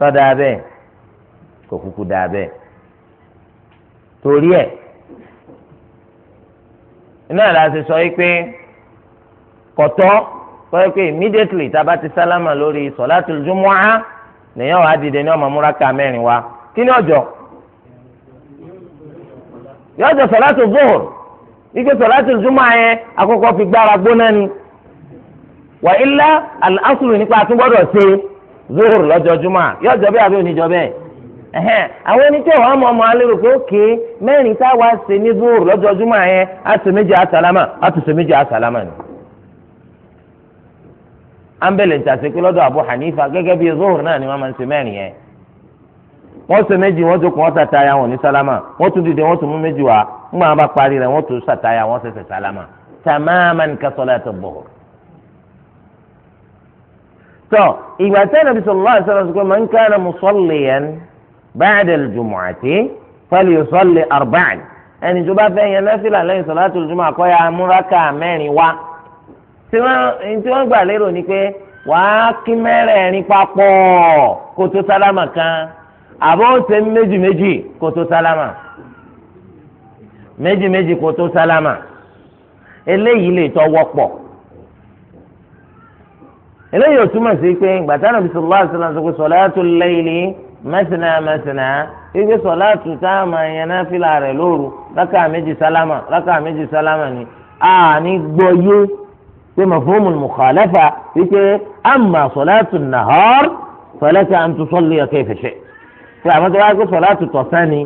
sọ́dà abẹ́ kò kúkú dà torí ẹ̀ iná ìlànà ti sọ yìí pé kọ̀tọ́. sọ́yẹ́ pé immediately tá a bá ti sálámà lórí sọ̀látùl jumu'ah lèyàn wà á dìde ní ọmọ múraka mẹ́rin wa kí ni ọjọ́ yọjọ sọ̀látùl zuhur ike sọ̀látùl jumu'ah yẹn akọ́kọ́ fi gbára gbóná wà ilá gbọ́dọ̀ ṣe lọ́jọ́ bẹ́ẹ̀ ẹhẹn àwọn oníṣẹ́ wa mọ̀ ọmọ alérò pé mẹ́rin táwa ṣe ní ambele ntase pé lọ́dọ̀ Abu Hanifa gẹ́gẹ́ bíi zuhur náà ni wọ́n máa ń ṣe mẹ́rin yẹn wọ́n ṣe méjì wọ́n tún kún wọ́n ṣàtàyà wọn ní sálámà wọ́n tún dìde wọ́n tún mú méjì wá ńgbà wọn bá parí rẹ̀ wọ́n tún ṣàtàyà wọ́n ṣẹ̀ṣẹ̀ sálámà tamaman ka salati zuhur. tọ ìgbà tí Ànábì sallallahu alaihi wasallam sọ pé man kana musalliyan ba'da al-jumu'ati falyusalli arba'an ẹni tó bá fẹ́ yẹn náfìlà lẹ́yìn salatul jumu'a àkọ́yà múraká mẹ́rin wá tí wọn tí wọn gbà lérò ni pé wàá kí mẹ́rẹ̀ẹ̀rin papọ̀ kó tó sálámà kan àbọ̀ ṣe méjì méjì kó tó sálámà méjì méjì kó tó sálámà eléyìí lè tọ́ wọ́pọ̀ eléyìí ò túmọ̀ sí pé gbàtánà bí sọlá àṣìlá ṣe pé salatul layli mẹ́sìnà mẹ́sìnà ibi sọlá tuta máa yẹn náà fìlà rẹ̀ lóru rákà méjì sálámà rákà méjì sálámà ni àní gbọ́ yé. pé mafhumul mukhalafa wípé amma salatu nahar falaka an tusalli kayfa shi pé àwọn tó bá gbé salatu tọ̀sán ni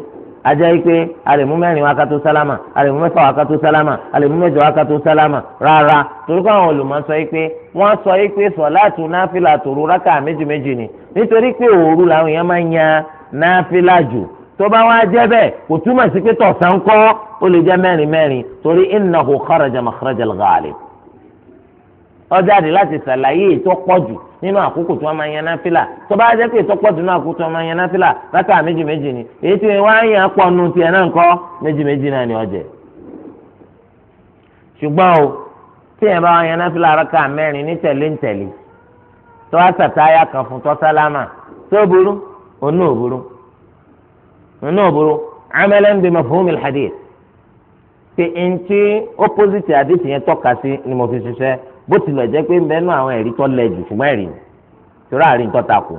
ajá wípé alẹ́mú mẹ́rin wá kátó sálámà alẹ́mú mẹ́fà wá kátó sálámà alẹ́mú mẹ́jọ wá kátó sálámà rárá torí káwọn olùmọ̀ sọ wípé wọ́n sọ wípé salatu náfìlà tòru rákà méjì méjì ni nítorí pé òru làwọn èèyàn máa ń yan náfìlà jù tó bá wá jẹ́ bẹ́ẹ̀ kò túmọ̀ sí pé tọ̀sán kọ́ ó lè jẹ́ mẹ́rin mẹ́rin torí innahu kharaja makhrajal ghalib ọ láti ṣàlàyé ètò pọ̀jù nínú àkókò tí wọ́n máa ń yan náfìlà tó bá jẹ́ pé ètò pọ̀jù nínú àkókò tí wọ́n máa ń yan ni èyí tí wọ́n á yan pọ̀ nù tiẹ̀ náà ńkọ́ méjì ni ọjẹ́. ṣùgbọ́n o tí yẹn bá wọn yan náfìlà rákà mẹ́rin ní tẹ̀lé ń tẹ̀lé tó wá kan fún sálámà tó burú pé ni mo fi bó tilẹ̀ jẹ́ pé mẹ́nu àwọn ẹ̀rí tó lẹ jù ṣùgbọ́n ẹ̀rí torí àárín tó takò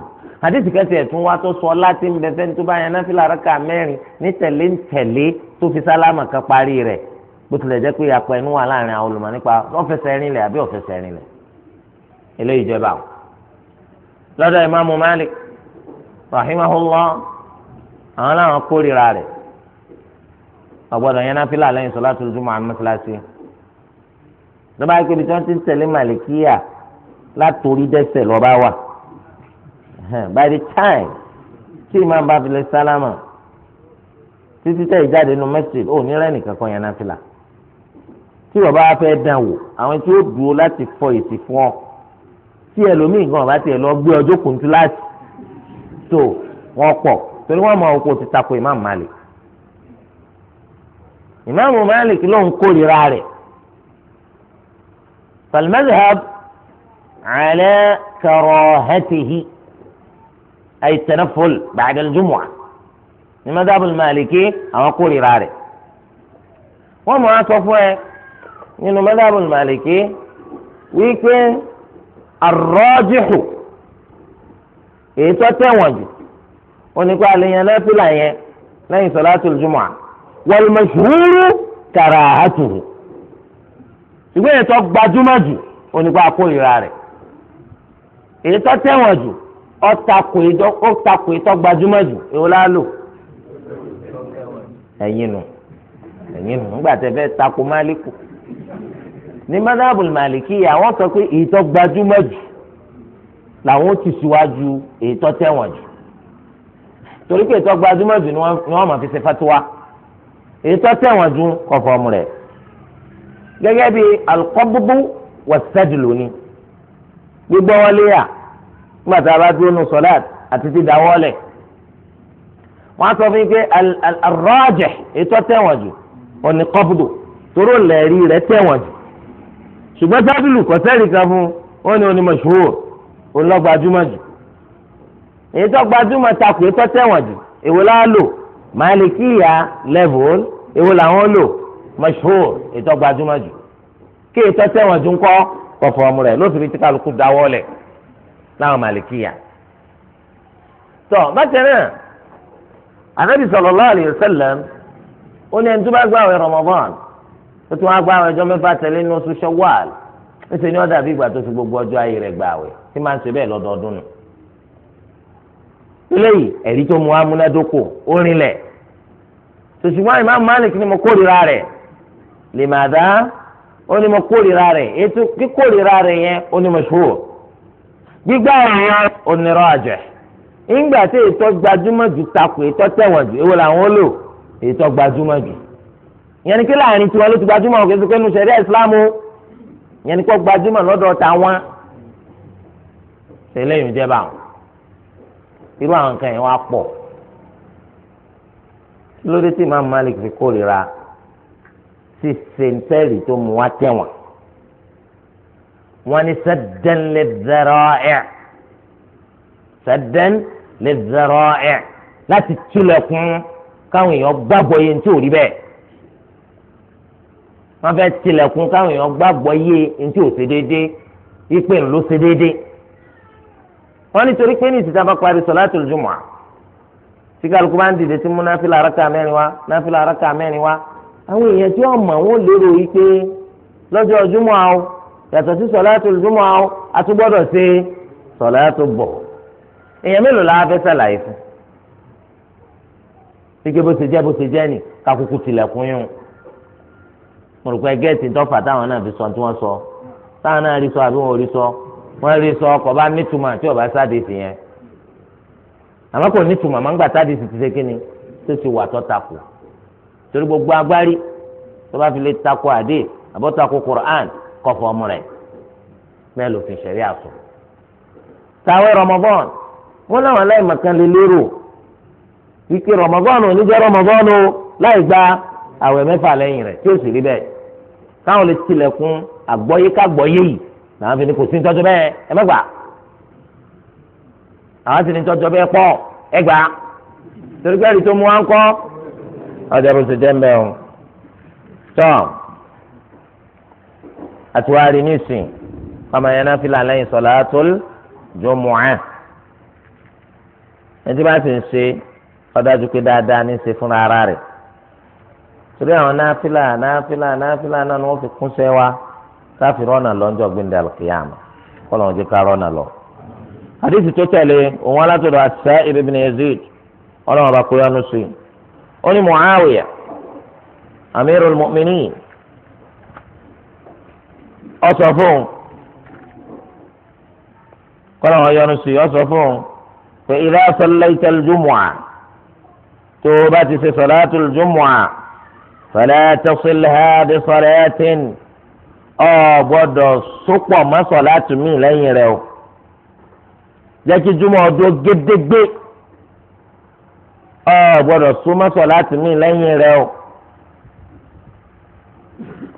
àdìsí kẹsì ẹ̀ tún wá tó sọ láti ń bẹ̀fẹ́ ní tó bá yan náfìlà rákà mẹ́rin ní tẹ̀lé ń tẹ̀lé tó fi sálámà kan parí rẹ̀ bó tilẹ̀ jẹ́ pé apẹ̀ inú wà láàrin àwọn olùmọ̀ nípa ọ̀fẹ́sẹ̀ rinlẹ̀ àbí ọ̀fẹ́sẹ̀ rinlẹ̀ eléyìí jẹ́ báwọn. lọ́dọ̀ ìmáàmù Malik rahimahullah àwọn làwọn kórìíra rẹ̀ ọ̀gbọ́dọ̀ yan náfìlà lẹ́yìn sọ́látùl jumu'ah mọ́sálásí lọ́ba yìí pé ibi tí wọ́n ti ń tẹ̀lé màlìkíyà látòrí dẹ́sẹ̀ lọ́ba wà by the time tí ìmáà bá filẹ̀ sálámà títí tẹ̀ ìjáde nu mẹ́sìlì ó ní rẹ́ẹ̀nì kankan yẹn náà fìlà tí bàbá wa fẹ́ dàn wò àwọn tí ó dúró láti fọ èsì fún ọ tí ẹlòmíì gan bá tiẹ̀ lọ gbé ọjọ́ kùntù láti tó wọn pọ̀ torí wọn mọ oko ti tako ìmáàmù Malik ìmáàmù Malik ló ń kórìíra rẹ̀ فالمذهب على كراهته أي التنفل بعد الجمعة المذهب المالكي أو أقول إرادة وما إنه مذهب المالكي ويكن الراجح إيه تتوج ونقول لي لا في لا صلاة الجمعة والمشهور كراهته ìwé ètò gbajúmọ̀ jù onípa àkórìíra rẹ̀ èyí tó tẹ̀wọ̀n jù ọ̀tàkùn ètò gbajúmọ̀ jù èwo la lò ẹ̀yin nù ẹ̀yin nù nígbà tẹ́ fẹ́ takò máàlíkù ní madhabul màlìkì àwọn sọ pé èyí tó gbajúmọ̀ jù làwọn ti síwájú èyí tó tẹ̀wọ̀n jù torí pé èyí gbajúmọ̀ jù ni wọ́n máa fi ṣe fatiwa èyí tẹ̀wọ̀n jù kọ̀fọ́ọ̀mù rẹ̀ gẹ́gẹ́ bí alukọ́bùbù wọ́sẹ́dìlú ni gbígbọ́ wọlé yà nígbà tá a bá dúró nu sọ́láàt àti ti dáwọ́lẹ̀ wọ́n á sọ fún yín pé alọ́ọ̀jẹ̀ ètò tẹ̀wọ̀n jù òní kọ́bùdù toró lẹ́ẹ̀rí rẹ̀ tẹ̀wọ̀n jù ṣùgbọ́n sábìlù kọ́sẹ́rì kan fún ó ní onímọ̀ ṣòwò olọ́gbàjúmọ̀ jù èyí tó gbajúmọ̀ takò èyí tó tẹ̀wọ̀n jù èwo láwọn lò màálìkíyà level mashhur ètò gbajúmọ̀ jù kí ètò tẹ̀wọ̀n jù ń kọ́ kọ̀fọ̀ọ̀mù rẹ̀ lófin tí kálukú dáwọ́ lẹ̀ láwọn màlìkíyà. tọ́ bákan náà ànábì sallallahu alayhi wa sallam ó ní ẹni tó bá gbààwẹ̀ Ramadan ó tún wá gbààwẹ̀ ọjọ́ mẹ́fà tẹ̀lé ní oṣù Shawwal níṣẹ́ ni ó dàbí ìgbà tó fi gbogbo ọjọ́ ayé rẹ̀ gbààwẹ̀ tí máa ń ṣe bẹ́ẹ̀ lọ́dọọdún nù. eléyìí ẹ̀rí tó mu amúnádókò ó rinlẹ̀ tòṣùgbọ́n Imam Malik ni mo kórìíra rẹ̀ lèmàdá ó ní mo kórìíra rẹ̀ ètò kíkórìíra rẹ̀ yẹn ó ní mo ṣòwò gbígbà ẹ̀yàn onírọ̀ àjẹ́ ńgbà tí ètò gbajúmọ̀ jù takò ètò tẹ̀wọ̀n jù èwo làwọn lò ètò gbajúmọ̀ jù yẹn ni kí láàrin tiwọn ló ti gbajúmọ̀ òkè sí pé nu sẹ̀rí ìsìlámù yẹn ni kó gbajúmọ̀ lọ́dọ̀ tàwọn tẹ̀lé yìí jẹ́ báwọn irú àwọn kan yẹn wá pọ̀ lórí tí Imam Malik fi kórìíra ṣíṣe ntẹ́rì tó mú wá tẹ̀wọ̀n wọ́n ní saddan lidhara'i' saddan lidhara'i' láti tilẹ̀kùn káwọn èèyàn gbàgbọ́ yẹn tí ò rí bẹ́ẹ̀ wọ́n fẹ́ tilẹ̀kùn káwọn èèyàn gbàgbọ́ yẹn tí ò ṣe déédéé ìpè ńlọ ṣe déédéé wọ́n nítorí pé ní ìsìta bá parí salatul jumu'ah tí kálukú bá ń dìde tí mú náfìlà araka mẹ́rin wá náfìlà araka mẹ́rin wá àwọn èèyàn tí wọ́n mọ̀ wọ́n lérò yìí pé lọ́jọ́ júmọ́ àwọn yàtọ̀ sí sọ̀láàtò júmọ́ àwọn àtúgbọ́dọ̀ ṣe sọ̀láàtò bọ̀ èèyàn mélòó la fẹ́ sàlàyé fún gbígbé bó ṣe jẹ́ bó ṣe jẹ́ nì kakuku tilẹ̀kùn yún mo rò pé gẹ́ẹ̀tì dọ́fà táwọn náà fi sọ tí wọ́n sọ táwọn náà rí sọ àbí wọn ò rí sọ wọn rí sọ ọkọ̀ bá nítumọ̀ àti ọ̀bá sáde sí yẹn àmọ́ kò nítumọ̀ àmọ́ ń gbà sáde ti ṣe kí ni tó ti wà tọ́ takò torí gbogbo agbárí tó bá fi lè takò àdé àbọ̀takò Qur'an kọfọ ọmọ rẹ̀ mẹ́lò fi ṣẹ̀rí àṣọ. tàwé Ramadan wọn làwọn aláìmọ̀kan lè lérò wípé Ramadan ò ní jẹ́ Ramadan o láì gba àwẹ̀ mẹ́fà lẹ́yìn rẹ̀ tí ó sì rí bẹ́ẹ̀ káwọn lè tilẹ̀kùn àgbọ́yé kágbọ́yé yìí làwọn fi ní kò sí tọ́jú bẹ́ẹ̀ ẹ mẹ́gbà àwọn sì ní tọ́jú bẹ́ẹ̀ pọ̀ ẹgbàá torí pé ẹ̀rí tó mú wa ń kọ́ ọjọ́rú ti dẹ́mbẹ́ o tọ́ àtiwárí nísìn ọmọ yẹn náà fìlà lẹ́yìn sọ̀láàtul jumu'ah ẹtí bá sì ń ṣe ọdájú pé dáadáa ní í ṣe fúnra ara rẹ̀ torí àwọn náfìlà náfìlà náfìlà náà ni wọ́n fi kúnṣẹ́ wa káfí rọ́nà lọ́njọ́ gbẹ̀ndẹ̀ alkiyama kọ́lọ̀ wọn jẹ́ ká rọ́nà lọ. àdìsí tó tẹ̀lé òun alátọ̀dọ̀ àṣà ibn Yazid ọlọ́run ọba kúrẹ́nu sí ó ní Muawiya Amirul Mu'minin ó sọ fún kọ́nà wọn yọnu sí ó sọ fún pé idha sallayta al-jumu'a tó o bá ti ṣe salatul jumu'a fala tasilha bi ọ gbọ́dọ̀ sopọ̀ mọ́ salatu mi lẹ́yìn rẹ̀ o jẹ́ kí jùmọ̀ ọdún gédégbé ọ gbọ́dọ̀ súnmọ́sọ láti mí lẹ́yìn rẹ̀ o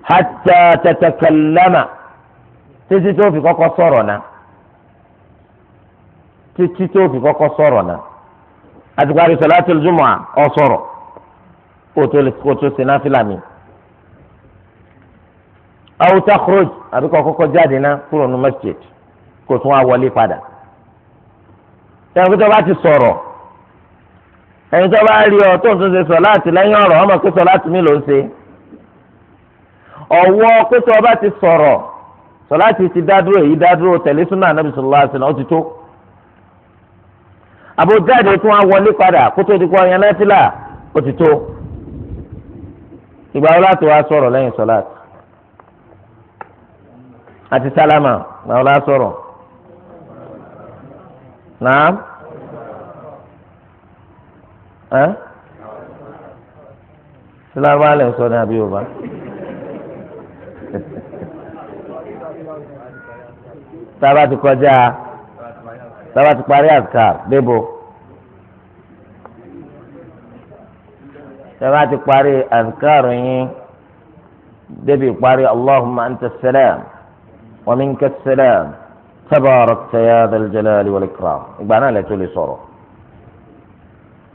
hatta tatakallama títí tó fi kọ́kọ́ sọ̀rọ̀ náà títí tó fi kọ́kọ́ sọ̀rọ̀ náà àtùkárì salatul jumu'a ọ sọ̀rọ̀ kó tó ṣe náfìlà mi aw takhruj àbí kọ́ kọ́kọ́ jáde náà kúrò ní masjid kó tún wá wọlé padà tẹ̀wọ́n bá ti sọ̀rọ̀. ẹni tó bá rí ọ tó ń tún ṣe sọláàtì ọrụ ọ̀rọ̀ ọmọ pé sọláàtì mi ló ń ṣe bá ti sọrọ sọláàtì ti dádúró èyí dádúró tẹ̀lé súnà anábì sọlá àṣìlá ó ti tó àbójáde tí wọ́n wọlé padà kó tó di kó ọyàn tó ìgbà wá ẹ sílábà lẹ sọ ní àbí yorùbá tába ti kọjá tába ti parí àzùkà débò tába ti parí àzùkà ròyìn débi parí allahumma anta salam wa minka salam tabarakta ya dhal jalali wal ikram ìgbà náà lẹ tó lè sọ̀rọ̀.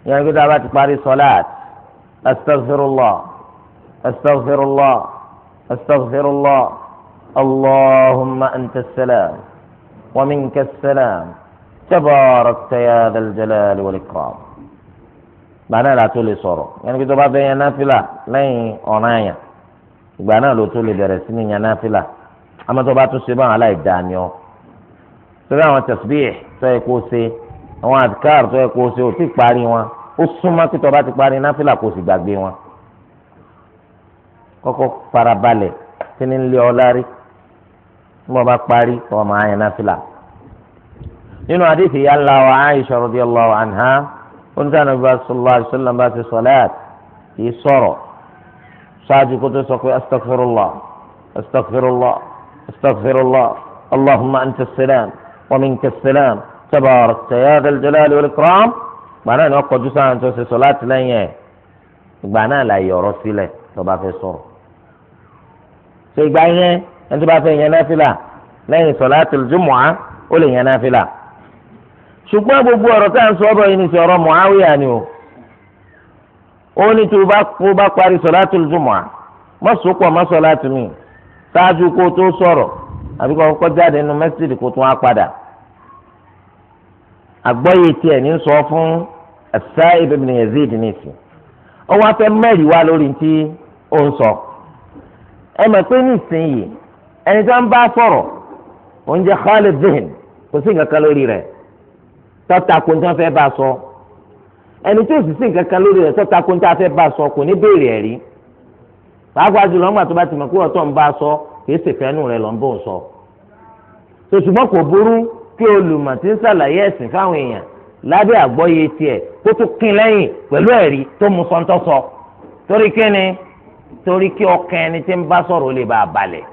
يعني كذا بات قاري صلاة أستغفر الله أستغفر الله أستغفر الله اللهم أنت السلام ومنك السلام تبارك يا ذا الجلال والإكرام بنا لا تولي صورة يعني كذا بات بين نافلة لين أونايا بنا لو تولي درسني نافلة أما تبات تسيبا على الدانيو تبعوا تسبيح سيكوسي wọn adikaar tó yẹ kó o ó súnmọ́ kí tọba ti parí náfìlà kò sì gbàgbé wọn kọ́kọ́ farabalẹ̀ ti ni lé ọ lárí tí wọ́n bá parí wọ́n máa yẹn náfìlà. nínú ya yálà wa Aisha radiyallahu anha oníkànnì bá sallallahu alaihi wasallam bá ti sọ̀láàt kì í sọ̀rọ̀ ṣáájú kó tó sọ pé astagfirullah astagfirullah astagfirullah allahumma anta as-salam wa minka as-salam tabarakta ya dhal jalali wal ikram. gbà náà ni wọ́n kọjú sáwọn tó ṣe sọ láti lẹ́yìn ẹ̀ ìgbà náà là yọ ọ̀rọ̀ sílẹ̀ tó bá fẹ́ sọ̀rọ̀ ṣe ìgbà yẹn ẹni tó bá fẹ́ yẹn náfìlà lẹ́yìn sọ̀látul jumu'ah ó lè yẹn náfìlà ṣùgbọ́n gbogbo ọ̀rọ̀ tá à ń sọ ọ́bọ̀ yìí ni sọ̀rọ̀ Muawiya ni o ó ní tó bá parí sọ̀látul jumu'ah mọ́sọ̀kọ̀ mọ́sọ̀láti mi ṣáájú kó tó sọ̀rọ̀ àbí kó kọ́ jáde nínú mẹ́sídìí kó tún á padà àgbọ́yé tiẹ̀ ní sọ fún As-Sa'ib ibn Yazid nìsín ó wá fẹ́ mẹ́rin wá lórí tí ó ń sọ ẹ mọ̀ pé nísìnyìí ẹni tó ń bá sọ̀rọ̀ òun jẹ́ Khalid Zihin kò sí nǹkan kan lórí rẹ̀ tọ́ta kó ń tán fẹ́ bá sọ ẹni tó sì sí nǹkan kan lórí rẹ̀ tọ́ta kó ń tán fẹ́ bá sọ kò ní béèrè ẹ̀rí pàápàá jùlọ ńgbà tó bá ti mọ̀ ọ̀tọ̀ ń bá sọ kì í ṣèfẹ́nu rẹ̀ lọ́n bó sọ. sòṣùmọ́ kò burú kí olùmọ̀ tí ń ṣàlàyé ẹ̀sìn fáwọn èèyàn lábẹ́ àgbọ́yé tiẹ̀ kó tó kín lẹ́yìn pẹ̀lú ẹ̀rí tó mú sọ́ńtọ́sọ torí kí ni torí kí ọkàn ẹni tí ń bá sọ̀rọ̀ lè bá a balẹ̀.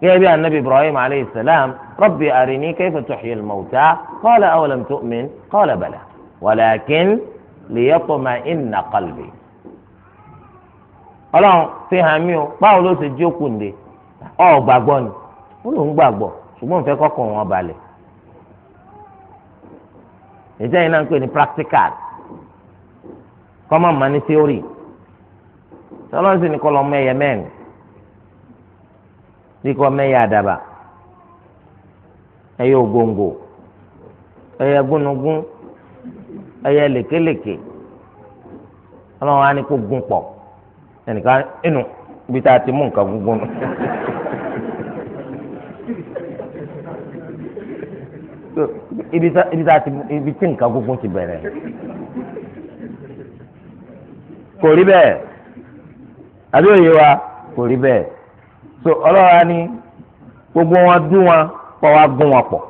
gẹ́gẹ́ bí anabi ibrahim aleyhi salam rabbi arini kayfa tuhyi al-mawta qala awalam tu'min qala bala walakin liyatma'inna qalbi. ọlọ́run fi hàn mí o báwo ló ṣe jókòó ǹde ọ̀ gbàgbọ́ ni ó lóun gbàgbọ́ ṣùgbọ́n fẹ́ kọ́kàn wọn balẹ̀ ìjẹ́ yìí náà ń pè ní practical kọ́mọ̀ mọ́ ní theory tọ́lọ́sì ní kọ́lọ́ mẹ́yẹ mẹ́rin bí kọ́ mẹ́yẹ àdàbà ẹyẹ ògòǹgò ẹyẹ gúnugún ẹyẹ lèkèlèkè ọlọ́run á ní kó gún pọ̀ ẹnìkan inú ibi tá a ti mú nǹkan gúngún nù. ibi tá ibi tí nǹkan gúngún ti bẹ̀rẹ̀ kò rí bẹ́ẹ̀ àbí òye wa kò rí bẹ́ẹ̀ so ọlọ́wà ni gbogbo wọn dún wọn pọ̀ wá gún wọn pọ̀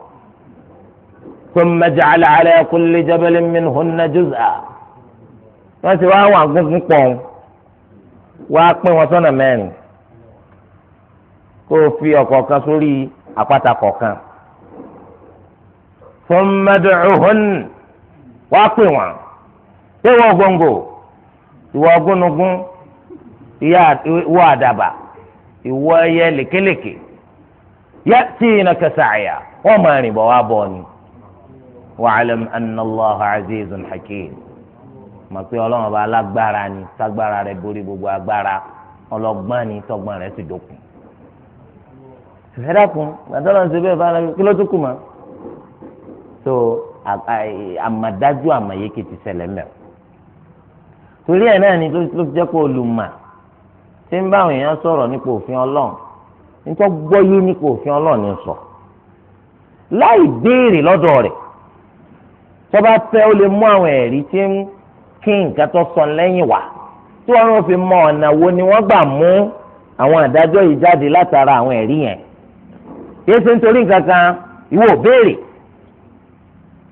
thumma ja'ala 'ala kulli jabalin minhunna juz'a wọ́n ti wá wọn gúngún pọ̀ wá pín wọn sọ́nà mẹ́rin kó o fi ọ̀kọ̀ọ̀kan sórí àpáta kọ̀ọ̀kan thumma ud'uhun wàá pè wọ́n ṣé wọ́n gbòǹgbò ìwọ gúnugún ìwọ àdàbà ìwọ ẹyẹ lékelèké ya'tinaka sa'ya wọ́n máa rìn bọ̀ wá bọ̀ ni wa'lam anna Allaha 'azizun hakim mọ̀ pé ọlọ́run ọba alágbára ni tágbára rẹ̀ borí gbogbo agbára ọlọ́gbọ́n ni tọ́gbọ́n rẹ̀ sì dókun. ìfẹ́ dàkún gbàdúrà ń ṣe bẹ́ẹ̀ bá ara kí ló tún kù mọ́ so e- àmàdájú àmàyékè ti ṣẹlẹ̀ mẹ́ o torí ẹ̀ náà ni ló jẹ́ kó olùmọ̀ tí ń bá àwọn èèyàn sọ̀rọ̀ nípa òfin ọlọ́run nítorí gbọ́yé nípa òfin ọlọ́run ń sọ láì béèrè lọ́dọ̀ rẹ̀ tó bá fẹ́ ó lè mú àwọn ẹ̀rí tí ń kí nǹkan tó sọ lẹ́yìn wá tí wọ́n fi mọ ọ̀nà wo ni wọ́n gbà mú àwọn àdájọ́ yìí jáde látara àwọn ẹ̀rí yẹn kí ẹ ṣe nítorí nǹkan kan ìwọ béèrè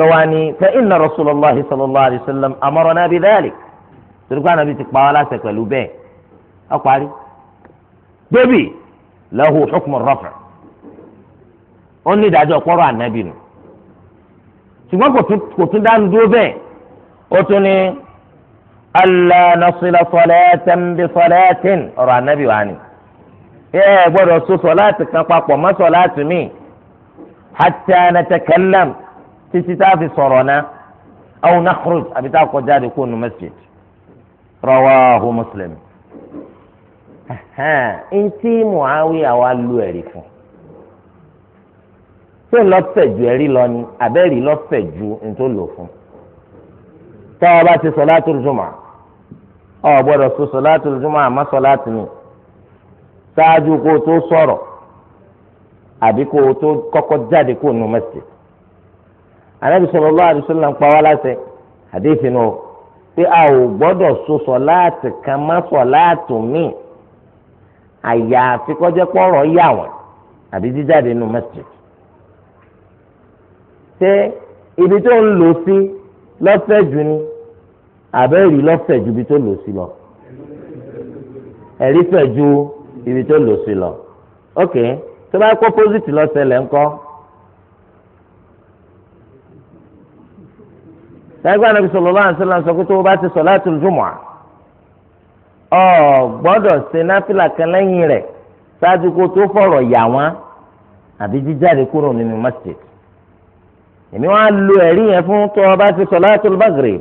lọ́wọ́ ni fa inna rasulillah sallallahu alayhi wa sallam amarana bi dhalik torí pé anabi ti pa wá láṣẹ pẹ̀lú bẹ́ẹ̀ ọ parí débi lahu hukmu rafa ó ní ìdájọ́ kọ́rọ̀ anabi nù ṣùgbọ́n kò tún dánu dúró bẹ́ẹ̀ ó tún ní alla nasila salatan bi salatin ọ̀rọ̀ anabi wa ni ẹ gbọ́dọ̀ so sọláàtì kan papọ̀ títí tá a fi sọ̀rọ̀ náà aw nakhruj àbí tá a kọ jáde kó nu masjid rawahu muslim ntí muawiya wa lu ẹ̀rí fún ṣé lọ́tẹ̀ ju ẹ̀rí lọ ni àbẹ́rì lọ́tẹ̀ ju ntó lò fún tá a bá ti sọ̀láàtù jùmọ̀ ọ gbọ́dọ̀ so sọ̀láàtù jùmọ̀ àmọ́ sọ̀láàtù mi ṣáájú kó o tó sọ̀rọ̀ àbí kó o tó kọ́kọ́ jáde kó nu masjid anabi sallallahu alaihi wasallam ń pa wá láṣẹ hadith nù pé a ò gbọ́dọ̀ so sọláàtì kan má sọláàtì míì àyàfi kọjá pọ̀rọ̀ yà wọ́n àbí jíjáde nù masjid. ṣé ibi tó ń lò sí lọ́fẹ̀ jù ni àbẹ́rì lọ́fẹ̀ ju ibi tó lò sí lọ ẹ̀rí fẹ̀ ju ibi tó lò sí lọ ok tó bá kó pósìtì lọ́sẹ̀lẹ̀ ńkọ́. sàgbà nàbí sallallahu alaihi wasallam sọ pé tó o bá ti salatul jumu'ah ọ gbọ́dọ̀ ṣe náfìlà kan lẹ́yìn rẹ̀ ṣáájú kó tó fọ̀rọ̀ yà wọ́n àbí jíjáde kúrò nínú masjid èmi wọn á lo ẹ̀rí yẹn fún tó o bá ti salatul maghrib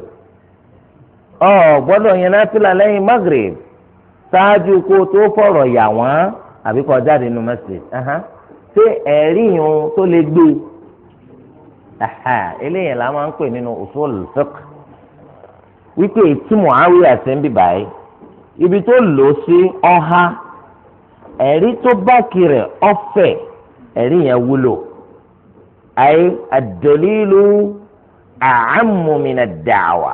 ọ gbọ́dọ̀ yẹn náfìlà lẹ́yìn maghrib ṣáájú kó tó fọ̀rọ̀ yà wọ́n àbí kó nínú masjid ṣé ẹ̀rí yẹn tó lè gbé e eléyìí la máa ń pè nínú usul fiqh wípé tí Muawiya àti ń bì báyìí ibi tó lò ó sí ọha ẹ̀rí tó bá kiri ọ̀fẹ́ ẹ̀rí yẹn wúlò ayé ad-dalilu a'ammu min ad-da'wa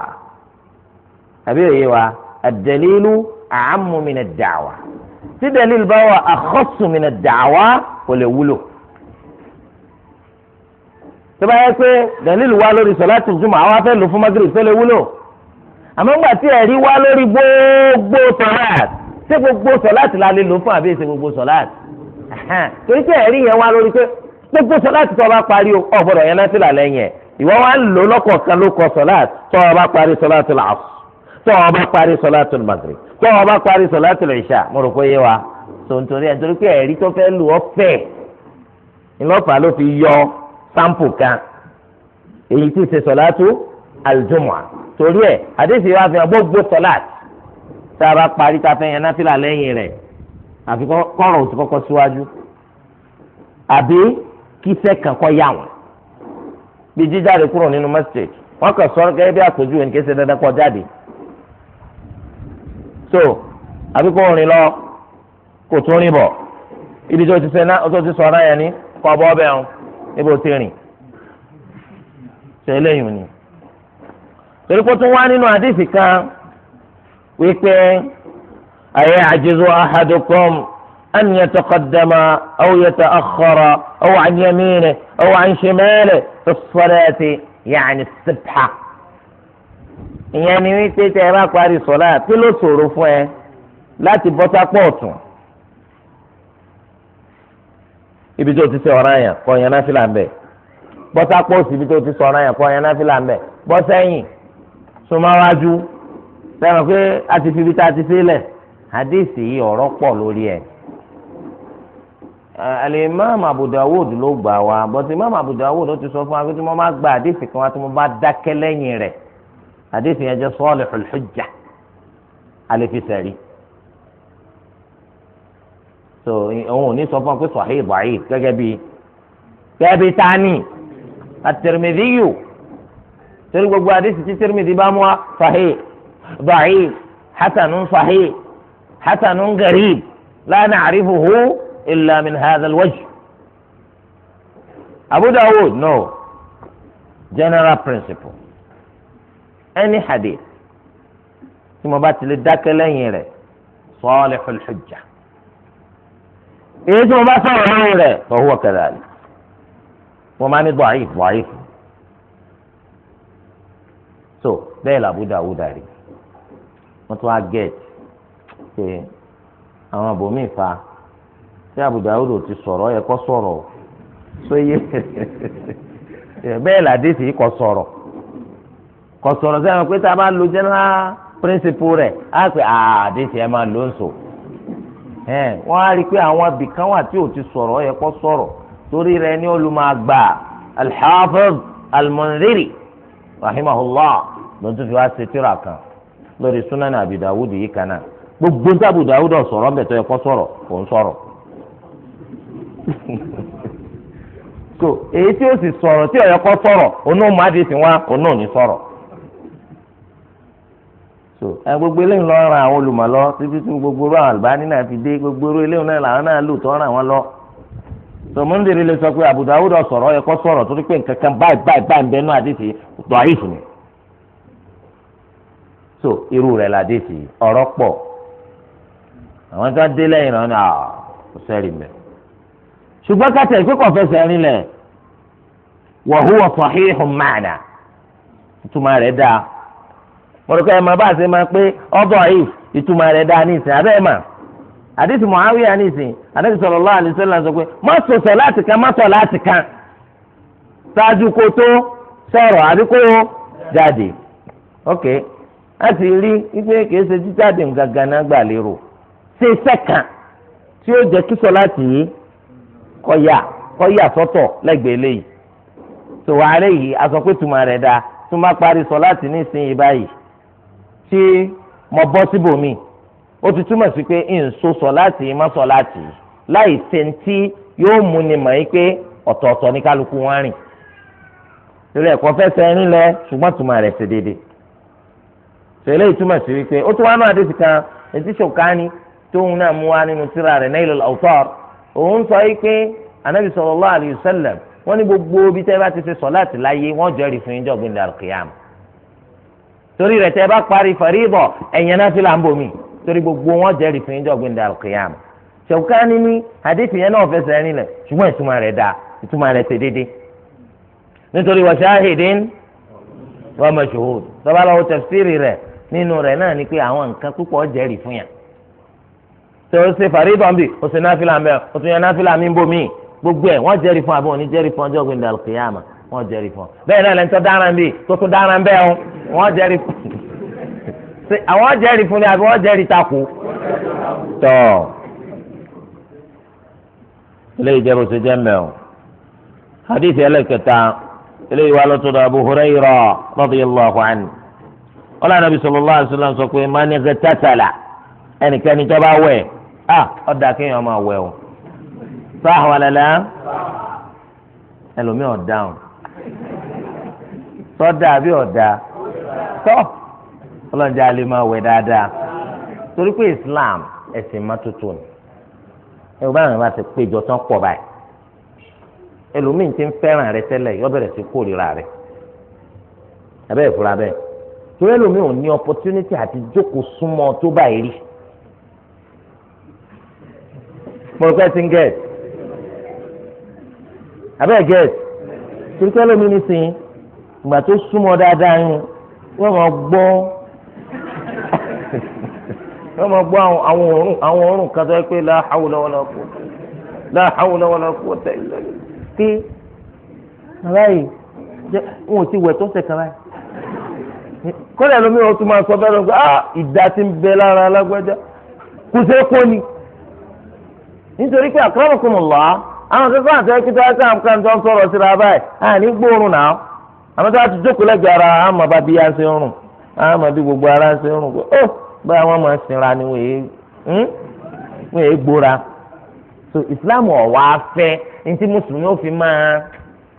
àbí òye wa ad-dalilu a'ammu tí dalilu bá wà akhassu min kò lè wúlò tó bá yẹ pé dẹ̀lílù wá lórí sọ̀láàtì jùmọ̀ àwa fẹ́ lò fún magrib tó lè wúlò àmọ́ ńgbà tí ẹ̀rí wá lórí gbogbo sọ̀láàtì ṣé gbogbo sọ̀láàtì la lè lò fún àbí ṣe gbogbo sọ̀láàtì torí pé ẹ̀rí yẹn wá lórí pé gbogbo sọ̀láàtì tó bá parí o ò gbọ́dọ̀ yẹn láti là lẹ́yìn ẹ̀ ìwọ wá ń lò lọ́kọ̀ọ̀kan ló kọ sọ̀láàtì tó bá parí sọ̀láàtì làásù tó bá parí sọ̀láàtì magrib bá parí sọ̀láàtì sampo kan èyí tí ṣe sọ̀láàtú aljumua torí ẹ̀ àdéhùn wa fi hàn gbogbo sọ̀láàtì tá a bá parí tá a fẹ́ yan náfìlà lẹ́yìn rẹ̀ àfi kọ́rọ̀ òtún kọ́kọ́ síwájú àbí kíṣẹ́ kan kọ́ yà wọ́n bí jíjáde kúrò nínú masjid wọ́n kàn sọ̀rọ̀ gẹ́gẹ́ bí àpèjúwe ní kéṣe dandan kọ́ jáde so àbí kó rìn lọ kò tún rìn bọ̀ ibi tó ti sọ náà yẹn ni kọ́ bọ́ bẹ́ẹ̀ níbo ti rìn ṣe eléyìí ni torí kó tún wá nínú àdìsí kan wípé ayé àjẹsọ ahadukum an yataqaddama aw yata'akhkhara aw an yaminihi aw an shimalihi fi as-salati ya'ni as-subha ìyẹn ni wípé tẹ ẹ bá parí sọlá kí ló ṣòro fún ẹ láti bọ́ sápọ̀ ọ̀tún ibi tó ti ṣe ọ̀ràn yẹn kọ́ yẹn náfìlà ń bẹ̀ bọ́sá pọ́ọ̀sì ibi tó ti ṣe ọ̀ràn yẹn kọ́ yẹn náfìlà ń bẹ̀ bọ́sẹ́yìn súnmọ́wájú sẹ́wọ̀n pé a ti fi ibi tá a ti ṣe lẹ̀ hadisi yìí ọ̀rọ̀ pọ̀ lórí ẹ̀ alimam Abu Dawud ló gbà wá bọ́sẹ̀ imam Abu Dawud ló ti sọ fún wa pé tí mo bá gba hadisi kan wá tí mo bá dákẹ́ lẹ́yìn rẹ̀ hadisi yẹn jẹ́ salihul hujja alẹ́ fi sẹ́rí so òun ò ní sọ fún ọ pé sọ̀hí ìbàyí gẹ́gẹ́ bí gẹ́gẹ́ bíi tani àtẹ̀rẹ̀mẹ̀dì yù torí gbogbo àdéhùn tí tẹ̀rẹ̀mẹ̀dì bá mú wa sọ̀hí ìbàyí hasanu sọ̀hí hasanu gàrí la na'rifuhu illa min hadha al-wajh Abu no general principle ẹni hadith tí mo bá ti lè dákẹ́ lẹ́yìn rẹ̀ fẹ́lẹ́ salihul hujjah. èyí tí mo bá sọ̀rọ̀ lórí rẹ̀ ọ̀hún ọ̀kẹ́rẹ́ àlè mo máa ní bọ̀ọ̀yì bọ̀ọ̀yì fún so bẹ́ẹ̀ làbú dàwúdà rí wọ́n tún á gẹ̀ẹ́tì pé àwọn àbòmíì fa tí àbùdá òdò ti sọ̀rọ̀ ẹ̀ kọ́ sọ̀rọ̀ so yé *laughs* bẹ́ẹ̀ làdé sì kọ́ sọ̀rọ̀ kọ́ sọ̀rọ̀ sẹ́wọ̀n pé tá a bá lo general principle rẹ̀ á pè àdé ah, sì máa ló wọ́n á rí i pé àwọn abìkan wà tí ò ti sọ̀rọ̀ ẹ̀ kọ́ sọ̀rọ̀ torí rẹ ní olùmọ̀gbà alḥafiz almundhiri rahimahullah ló tún fi wá ṣe kan lórí sunan abi dawud yìí kan náà gbogbo ní abu ọ̀sọ̀rọ̀ ń bẹ̀ tó ẹ̀ kọ́ sọ̀rọ̀ kò ń sọ̀rọ̀ *laughs* so èyí tí o sì sọ̀rọ̀ tí ọ̀yọ́ kọ́ sọ̀rọ̀ onú màdìsí wọn onú ò ní sọ̀rọ̀. so ẹ gbogbo eléyìí lọ ran àwọn lọ títí tí gbogbo rọ àlùbáni náà fi dé gbogbo rọ eléyìí náà làwọn náà lù tó ran wọn lọ tòmúndìrí lè sọ pé Abu Dawud sọrọ ẹ̀kọ́ sọ̀rọ̀ torí pé nǹkan kan báyìí báyìí báyìí tó ayé fún mi so irú rẹ̀ làdéhìí ọ̀rọ̀ pọ̀ àwọn tó dé lẹ́yìn náà ni ah, mọ̀rọ̀kọ́ ẹ̀ máa bá ma máa pé ọ̀bọ̀ if ìtumọ̀ rẹ̀ dáa nísìn abẹ́ ẹ̀ mà àdìsí Muawiya nísìn Ànábì sallallahu alaihi wasallam sọ pé má sọ̀sọ̀ láti kan má sọ̀ láti kan ṣáájú kó tó sọ̀rọ̀ àbí jáde ok a rí wípé kìí ṣe jíjáde gangan náà gbà lérò ṣe tí ó jẹ́ kí sọ láti yìí sọ́tọ̀ tòwárẹ́ yìí aṣọ pé tùmọ̀ rẹ̀ dáa tó má parí sọ tí mo bọ́ síbòmí ó ti túmọ̀ sí pé n so sọ láti má sọ láti láì sẹ́ńtì yóò mú ni mọ̀ yín pé ọ̀tọ̀ọ̀tọ̀ ní kálukú wọn rìn torí ẹ̀kọ́ fẹ́ sẹ́ ẹni lẹ ṣùgbọ́n tùmọ̀ rẹ̀ ṣe déédéé tẹ̀lé ìtumọ̀ sí wípé ó tún wá náà àdéhùn kan etí ṣòkání tóun náà mú wa nínú tírà rẹ̀ Nailul Awtar òun sọ yìí pé anabi sallallahu alayhi wa sallam wọ́n ní gbogbo ibi tẹ́ bá ti ṣe sọ láti láyé wọ́n jẹ́rìí fún yín jọ́gbìn dàrú kìyàmù torí rẹ̀ tẹ́ ẹ bá parí fàríbọ̀ ẹ̀yẹn náà fi là ń bomi torí gbogbo wọn jẹ́rìí fún yín jọ̀gbìn dàlùkìyàm Ṣawkani ní hadithi yẹn náà fẹsẹ̀ rìn lẹ̀ ṣùgbọ́n ìtumọ̀ rẹ̀ dáa ìtumọ̀ rẹ̀ ṣe déédéé nítorí wa shahidin wa mashhud tọ́ba lọ́wọ́ tafsiri rẹ̀ nínú rẹ̀ náà ni pé àwọn nǹkan púpọ̀ jẹ́rìí fún yàn tó o ṣe fàríbọ̀ bí o ṣe náà lẹ́ńtọ́ dáná wọ́n jẹ́rìí fún àwọn jẹ́rìí fún ni àbí wọ́n jẹ́rìí takò tọ́ ilé ìjẹ́rù ṣe jẹ́ mẹ́ o hadith ẹlẹ́kẹta ilé ìwà lọ́tọ́dọ̀ Abu Hurayra radiyallahu anhu wọ́n lànà bí sallallahu alaihi wasallam sọ pé man igtasala ẹnikẹ́ni tó bá wẹ̀ ah ọ̀dà kéèyàn o sáà wà lẹ́lẹ́ ẹlòmíì ọ̀dáhùn tọ́ ọlọ́njẹ́ alẹ́ máa wẹ̀ dáadáa torí pé Islam ẹ̀sìn mọ́tótó ni ẹ̀ bá àwọn àti péjọ tán pọ̀ báyìí ẹlòmíín ti ń fẹ́ràn rẹ tẹ́lẹ̀ yọ bẹ̀rẹ̀ sí kórìíra rẹ abẹ́ ìfura bẹ́ẹ̀ torí ẹlòmíín ò ní opportunity àti jókòó súnmọ́ tó báyìí rí mo fẹ́ ti ń gẹ̀ẹ́t abẹ́ gẹ̀ẹ́t torí pé ẹlòmíín ní sìn ìgbà tó súnmọ́ dáadáa yín wọ́n máa gbọ́ wọ́n máa gbọ́ àwọn òórùn àwọn òórùn kan tó yẹ pé la la hawla wala quwwata bàbá yìí wọn ò ti wẹ̀ tó ń sẹ̀kàn báyìí kọ́lẹ̀ lómi wọn tún máa sọ bẹ́ẹ̀ lọ́gbà á ah, ìdá ń bẹ lára alágbájá kò sí ni nítorí pé àkàrà ọ̀kùnrin lọ́wọ́ àwọn akẹ́kọ̀ọ́ àti àmọ́ tí wọ́n ti jókòó lẹ́gbẹ̀ẹ́ ara àmọ́ bá bí ya ṣe ń rùn àmọ́ bí gbogbo ara ṣe ń rùn pé ó báyà wọ́n sinra ni wọ́n hmm? so Islam ọ̀wá fẹ́ ntí mùsùlùmí ó fi máa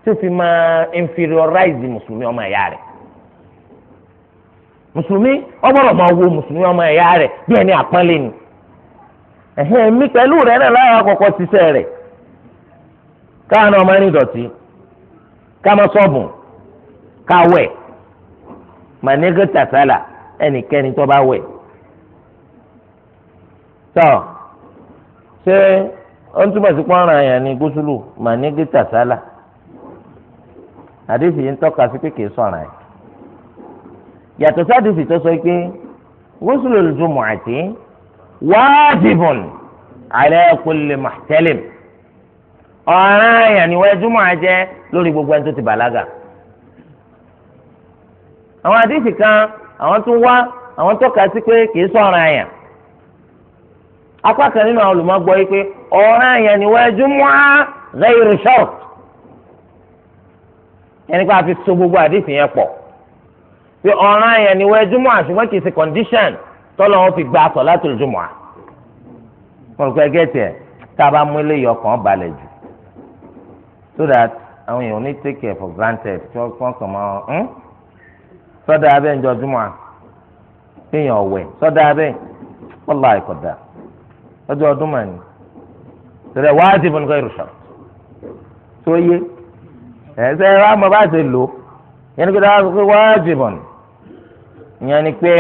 tó fi máa inferiorize mùsùlùmí ọmọ ẹ̀yà rẹ̀ mùsùlùmí ọgbọ́dọ̀ máa wo mùsùlùmí ọmọ ẹ̀yà rẹ̀ bí ẹni àpọ́nlé ni ẹ̀hìn pẹ̀lú rẹ̀ náà láyà kọ̀kọ́ ṣiṣẹ́ rẹ̀ káwọn ọmọ ẹni dọ̀tí káwẹ̀ mànígẹ tàṣálà ẹnikẹ́ni tó bá wẹ̀ tọ́ ṣé ó ń túbọ̀ sí pọ́nrán àyàn ní gúúsùlù mànígẹ tàṣálà àdìsí yìí ń tọ́ka sí pé kìí sọ̀ràn ẹ̀ yàtọ̀ sádìsí tó sọ pé gúúsùlù jumu'ati wájibun ala kulli muhtalim ọ̀ràn àyàn ni wọ́n jùmọ̀ àjẹ́ lórí gbogbo ẹni tó ti bàlágà àwọn àdìsí kan àwọn tún wá àwọn tọ́ka sí pé kì í sọ̀rọ̀ àyàn apá kan nínú àwọn olùmọ̀gbọ́ yìí pé ọ̀ràn àyàn ni wọ́n ẹjú mọ́ á ghayru shart ẹni pé a fi so gbogbo àdìsí yẹn pọ̀ pé ọ̀ràn àyàn ni wọ́n ẹjú mọ́ àṣùgbọ́n kì í ṣe condition tọ́lọ́ wọn fi gba salatul jumu'ah wọn kò ẹgẹ́ tiẹ̀ tá a bá mú eléyìí ọkàn balẹ̀ jù so that àwọn èèyàn ní take care for granted tí wọ́n kàn máa hmm? sọ́dà abẹ́ ǹjọ́ júmọ́ à kéèyàn ọ̀wẹ̀ sọ́dà abẹ́ wọ́lá àìkọ̀dà lọ́jọ́ ọdún mà ní tẹ̀lé wájibun ghayru shart tó yé ẹ̀sẹ̀ rà mọ́ bá ṣe lò yẹn ni pé dáhà sọ pé wájibun yẹn ni pé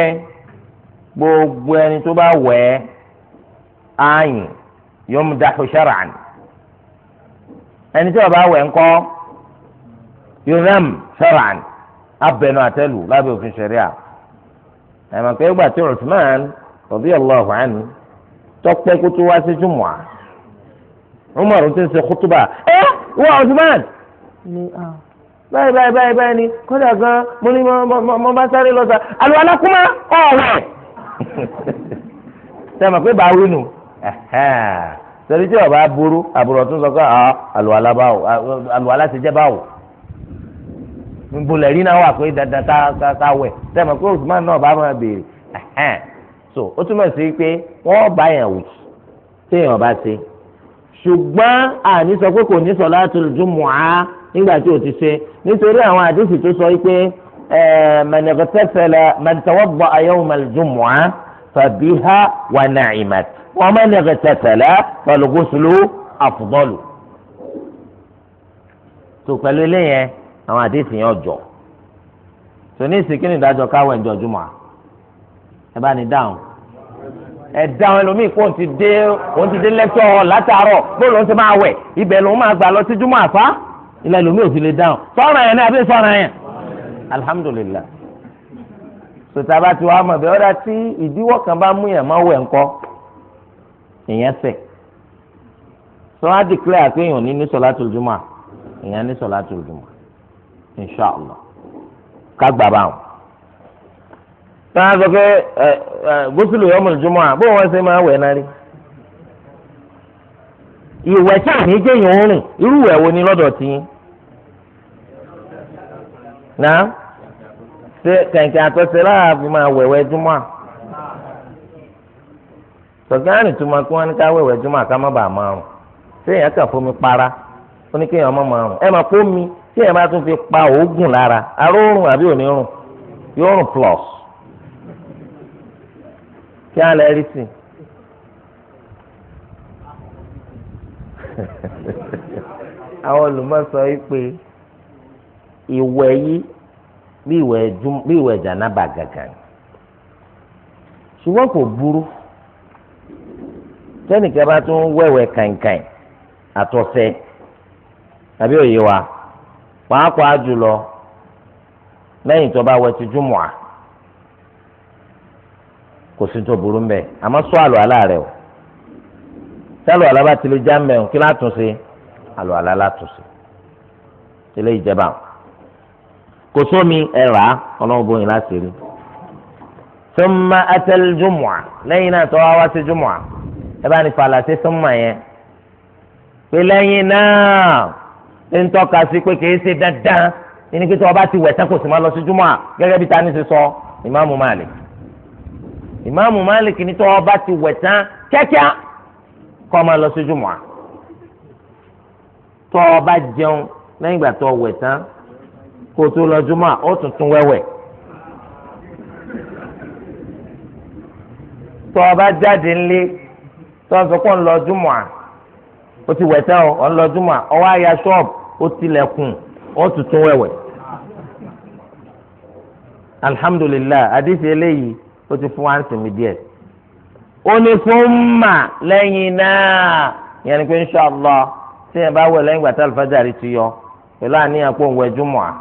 gbogbo ẹni tó bá wẹ̀ ẹ́ ààyìn yumdahu shar'an ẹni tí ó bá wẹ̀ ńkọ́ yunam shar'an abẹnú àtẹlù lábẹ́ òfin ṣẹ̀ríà ẹ̀mọ̀ pé ìgbà tí Uthman radiyallahu anhu tọ́pẹ́ kó tó wá sí jùmọ̀ à Umar ti ń ṣe kútúbà ẹ wọ Uthman ni báyìí báyìí báyìí báyìí ni kódà gan mo ní mo bá sáré lọ sa àlọ́ alákùnmá ọ̀wẹ̀ sẹ́mi pé bá wínú sẹ́ni tí ọba aburú àbúrò tún sọ pé ah, àlọ́ alábáwò àlọ́ aláṣẹ́jẹ́ báwò nbọlẹ̀ rí náà wà pé dandan ká ká wẹ̀ sẹ́mi pé Usman náà bá máa béèrè ẹ̀hẹ́n so ó túmọ̀ sí pé wọ́n bá yàn wù téèyàn bá ṣe ṣùgbọ́n àní sọ pé kò ní salatul jumu'a nígbà tí o ti ṣe nítorí àwọn àdéhùn tó sọ pé man ightasala man tawadda'a yawm al-jumu'a fabiha wa na'imat wa man ightasala fal-ghuslu tó pẹ̀lú eléyẹn àwọn àdéhùn yẹn ọjọ́ tò ní ìsìnkí ni ìdájọ́ káwẹ̀ ǹjọ́ jùmọ̀ ẹ bá ní dáhùn ẹ dáhùn ẹlòmíì kó ti dé òun ti dé lẹ́tọ̀ látàárọ̀ bó ló ń ti máa wẹ̀ ibẹ̀ lòun máa gbà lọ sí jùmọ̀ àfá ilẹ̀ ẹlòmíì ò fi lè dáhùn sọ̀rọ̀ yẹn ní àbí sọ̀rọ̀ yẹn alhamdulillah sotaba ti wàá mọ̀ bẹ́ẹ̀ ọ̀dà tí ìdíwọ́ kan bá mú yàn máa wẹ̀ ńkọ́ èèyàn sẹ̀ sọ́wọ́n á dìklẹ́ àpéyàn ní ní sọ̀látùl jùmọ̀ èèyàn ní sọ̀látùl jùmọ̀ Inshallah, inshàlá kágbà Tá táwọn sọ pé gúúsùlù yọmọlù jùmọ̀ à bó wọn ṣe máa wẹ̀ náà rí. ìwẹ̀ tí àmì jẹ́yìn oorun irú ìwẹ̀ wo ni lọ́dọ̀ tiyín. náà ṣe kẹ̀kẹ́ àtọ́sẹ̀ láàbì máa wẹ̀wẹ̀ jùmọ̀ à. sọ̀gáàrì túmọ̀ kí wọ́n ní ká wẹ̀wẹ̀ jùmọ̀ à ká má bàa máa rùn. ṣé èèyàn kàn fún mi para ó ní kéèyàn má máa rùn ẹ máa kó mi tí ẹ máa tún fi pa òógùn lára aró òórùn àbí òní òórùn yóò rùn plus kí á lè rí sí i. *laughs* àwọn olùmọ̀sọ yìí pé ìwẹ̀ yìí bí ìwẹ̀ jànábà gàgàn ṣùgbọ́n kò burú tẹ́nìkan bá tún wẹ̀wẹ̀ kàìnkàìn àtọ̀sẹ̀ àbí òye wa pàápàá jùlọ lẹ́yìn tó bá wẹ ti júmọ̀à kò sí tó burú mbẹ àmọ́ sọ àlọ́ àlá rẹ o sálọ̀ àlá bá ti lè já mbẹ o kí látúnṣe àlọ́ àlá látúnṣe ilé ìjẹba kò sómi ẹ̀rà ọlọ́gbọ̀n láti rí sọmọ atẹlẹjúmọ̀à lẹ́yìn náà tó wá wá sí júmọ̀à ẹ bá ní falà sọmọ yẹn pé lẹ́yìn náà ń tọ́ka sí pé kìí ṣe dandan ẹni pé tí wọ́n bá ti wẹ̀ tán kò sì máa lọ sí júmọ́ à gẹ́gẹ́ bí tani ṣe sọ ìmáàmù Malik ìmáàmù Malik ní tí wọ́n bá ti wẹ̀ kíákíá kọ́ máa lọ sí júmọ́ à tọ́ ọ bá jẹun lẹ́yìn ìgbà tó wẹ̀ tán kó tó lọ júmọ́ à ó tún tún wẹ́wẹ́ tọ́ bá jáde ńlé tọ́ ọ sọ pé ń lọ júmọ́ à ó ti wẹ̀ tán ọ̀ ń lọ júmọ̀ ọwọ́ àyà ṣọ́ọ̀bù ó tilẹ̀kùn ó tuntun wẹ̀wẹ̀. alhamdulilayi àdìsí eléyìí ó ti fún wa ń sinmi díẹ̀. ó ní fún mà lẹ́yìn náà yẹn ni pé inṣàlá tí yẹn bá wẹ̀ lẹ́yìn gbàtà alifájàrí ti yọ pẹ̀lú àníyàn pé òun wẹ̀ júmọ̀ à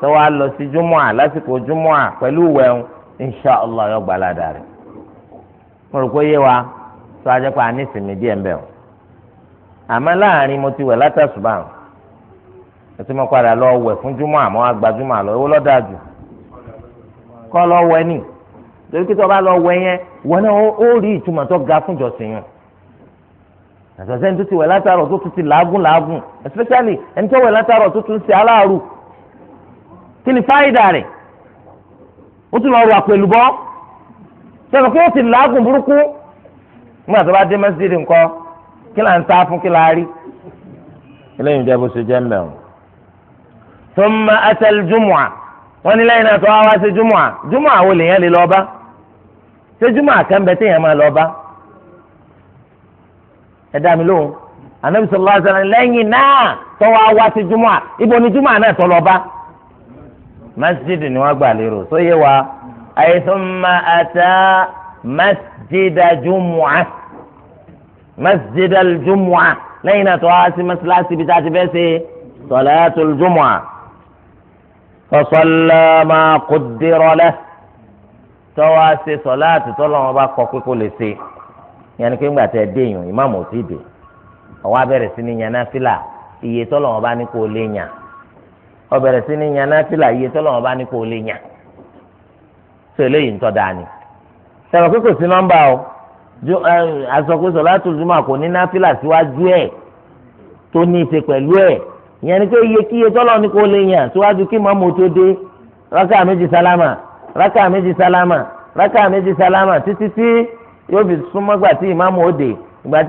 tó wàá lọ sí júmọ̀ à lásìkò júmọ̀ à pẹ̀lú wẹ̀hún inṣàlá yọ gbàládà rẹ̀. mo rò pé yé wa tó a jẹ́ pé a ní sinmi díẹ̀ ń bẹ̀ àmọ́ láàrin mo ti wẹ̀ látàṣùbà hàn ètò mo padà lọ wẹ̀ fún júmọ́ àmọ́ agbájúmọ́ àlọ́ owó lọ́dà jù kọ́ lọ wẹ̀ ni torí pé tó bá lọ wẹ̀ yẹn wọ́n náà ó rí ìtumọ̀ tó ga fún ìjọsìn yẹn àtọ̀sẹ́ tó ti wẹ̀ látàrọ̀ tó tún ti làágùn làágùn especially ẹni tó wẹ̀ látàrọ̀ tó tún ti aláàrù kí ni fáìdà rẹ̀ ó tún lọ rọ àpèlú bọ́ sọ̀rọ̀ pé ó ti làágùn burúkú nígbà tó bá dé mẹ́sídìí nǹkan kí là ń sá fún kí là á rí eléyìí jẹ́ bó ṣe jẹ́ mbẹ́ o. thumma atal jumu'a wọ́n ní lẹ́yìn náà tó wá wá sí jumu'a jumu'a wo lèèyàn lè lọ bá ṣé jumu'a kan bẹ téèyàn máa lọ bá ẹ dá mi lóhùn anabi sallallahu alaihi wasallam náà tó wá wá sí jumu'a ibo ni jumu'a náà tó lọ masjid ni wọ́n gbà lérò tó yé wa ayé thumma ata masjida jumu'a masjid aljumua lẹ́yìn náà tó wá sí masalasi bíi tá a ti fẹ́ ṣe sọlẹ́tù aljumua sọsọlẹ́mà kùdìrọ̀lẹ́ tó wá sí sọlẹ́tù tó lọ́wọ́ bá kọ́ pé kó lè ṣe yẹn ni pé ńgbà tẹ dé yùn ìmáàmù ò tí ì dé ọwọ́ abẹ́rẹ́ sí ni yẹn fìlà iye tó bá ní kó lè yàn ọbẹ̀rẹ̀ sí ni yẹn fìlà iye tó bá ní kó lè yàn tó eléyìí ń tọ́ da ni àsọkò eh, sọ̀látù jùmọ̀ kò ní náfìlà síwájú ẹ̀ tó ní í ṣe pẹ̀lú ẹ̀ ìyẹn ni pé iye kíye tọ́lọ̀ ní kò lè yàn síwájú kí mọ́mú tó dé rákà méjì sálámà rákà méjì sálámà rákà méjì sálámà títí tí yóò fi súnmọ́ gbà tí ìmáàmù ó dé ìgbà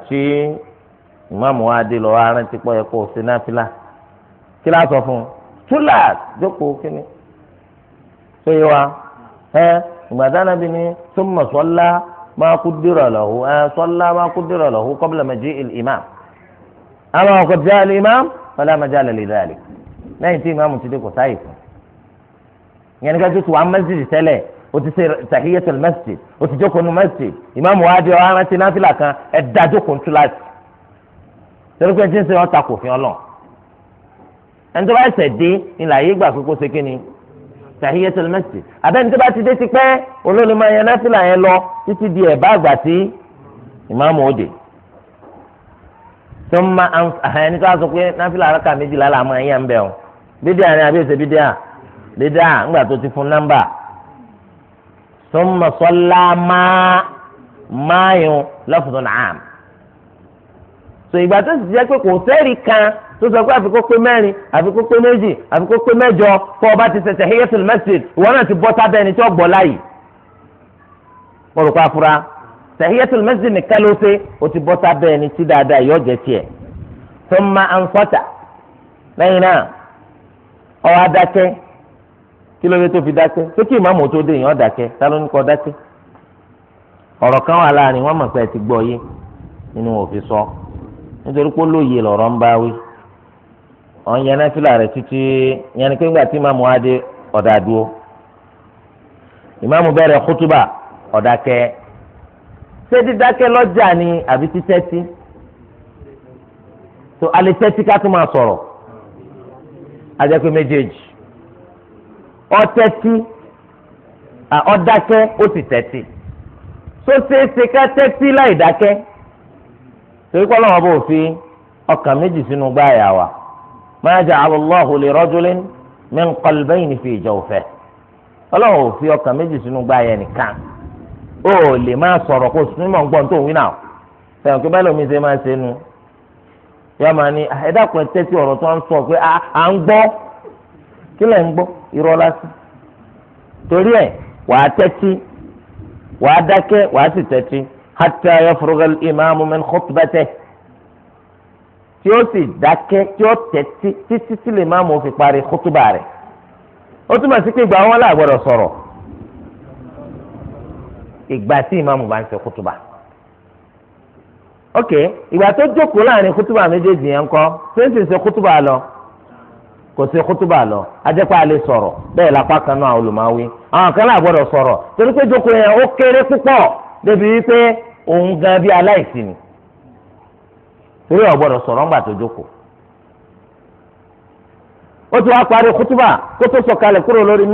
tí ìmáàmù wa dé lọ arántí pọ̀ yẹ kó o ṣe náfìlà kí láà sọ fún un túlà jókòó kíni tó yẹ wa ẹ ìgbàdánà bí ni thumma salla ma qaddara lahu ẹ salla ma qaddara lahu qabla maji'i al-imam àwọn ọkọ̀ jẹ́ al-imam fala majala li dhalik lẹ́yìn tí ìmáàmù ti dé kò sáyè fún ìyẹn ní ká tó tu wá tẹ́lẹ̀ o ti ṣe tahiyatul masjid o ti jókòó nu masjid ìmáàmù wa dé ọ torí pé tí ń ṣe wọn ta kò fi ọlọ ẹni tó bá ẹsẹ̀ dé ni làyè gbà pé kó ṣe kí ni tahiyatul masjid abẹ́ni tó bá ti dé ti pẹ́ olóòlù máa yan náfìlà yẹn lọ títí di ẹ̀bá àgbà tí ìmáàmù òde tó máa ẹni tó bá sọ pé náfìlà arákà méjìlá là máa yàn bẹ́ẹ̀ o bídíà ni àbí èsè bídíà bídíà ńgbà tó ti fún nọ́mbà tó máa sọ láàmà máa yun lọ́fùtún náà so ìgbà tó sì jẹ́ pé kò sẹ́ẹ̀rì kan tó sọ pé àfikún pé mẹ́rin àfikún pé méjì àfikún pé mẹ́jọ fún ọba ti ṣẹ̀ṣẹ̀ hiyatul masjid ìwọ náà ti bọ́ sábẹ́ ẹni tí ó gbọ́ láàyè mo rò pa afura tahiyatul masjid nìkan ló ṣe o ti bọ́ sábẹ́ ẹni tí dáadáa yóò jẹ́ tiẹ̀ thumma anfata lẹ́yìn náà ó wá dákẹ́ kí ló dé tó fi dákẹ́ pé kí ìmáàmù tó dé yẹn ó dákẹ́ ta ló ní nítorí pé lóye lọ̀rọ̀ ń bá wí ọ̀n yẹn náà fìlà rẹ̀ títí yẹn ni pé ńgbà tí ìmáàmù adé ọ̀dà dúró ìmáàmù bẹ̀rẹ̀ kútúbà ọ̀dà kẹ́ ṣé dídákẹ́ lọ́jà ni àbí títẹ́tí tó alẹ́ tẹ́tí ká tó máa sọ̀rọ̀ ajẹ́pẹ́ méjèèjì ọ̀tẹ́tí ọ̀dákẹ́ ó sì tẹ́tí tó ṣeé ṣe ká tẹ́tí láì dákẹ́. torí pé ọlọ́wọ́ bò fi ọkàn méjì sínú wa ma ja'ala Allahu li rajulin min qalbayni fi jawfihi ọlọ́wọ́ fi ọkàn méjì sínú gbáàyà nìkan ó lè máa sọ̀rọ̀ kó súnmọ́ gbọ́n tó ń wí fẹ̀yìn kí bá lómi ṣe máa ṣe nu yọ máa ní tẹ́tí ọ̀rọ̀ tó ń sọ pé à ń gbọ́ kí lẹ̀ ń gbọ́ irọ́ torí ẹ̀ wàá حتى يفرغ الإمام من khutbatih tí ó sì dákẹ́ tí ó tẹ́tí títí tí lè máàmù ó fi parí kútúbà rẹ̀ ó túmọ̀ sí pé ìgbà wọn là gbọ́dọ̀ sọ̀rọ̀ ìgbà tí ìmáàmù bá ń ṣe kútúbà ok ìgbà tó jókòó láàrin kútúbà méjèèjì yẹn kọ́ tó ń sì ṣe kútúbà lọ kò sí kútúbà lọ ajẹ́pá a lè sọ̀rọ̀ bẹ́ẹ̀ lápá kan náà olùmọ̀wé àwọn kan là sọ̀rọ̀ torí pé jókòó yẹn ó kéré púpọ̀ débi wípé òun gan bí aláìsí ni torí ọ̀ sọrọ sọ̀rọ̀ ńgbà tó jókòó ó ti wá parí kútúbà kó tó kúrò lórí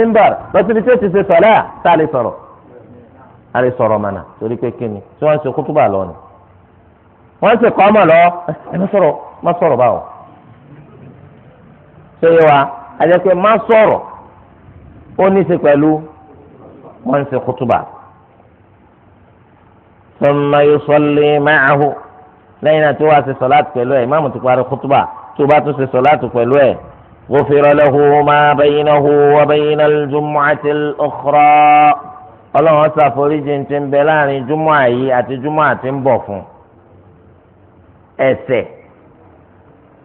ti ṣe tá a lè a lè sọrọ mọ̀nà torí pé kíni tí wọ́n ń ṣe lọ ni wọ́n ń ṣe lọ ẹ má sọ̀rọ̀ má sọ̀rọ̀ báwo ṣé yẹ wa thumma yusalli ma'ahu lẹ́yìn náà tó wá ṣe sọ̀láàtì pẹ̀lú ẹ̀ ìmáàmù ti parí kútùbà tó bá tún ṣe sọ̀láàtì pẹ̀lú ẹ̀ ghufira lahu ma baynahu wa bayna al-jumu'ati al-ukhra ọlọ́run ṣàforíjì ti ń bẹ láàrin júmọ́ àyí àti júmọ́ àti ń bọ̀ fún ẹ̀ṣẹ̀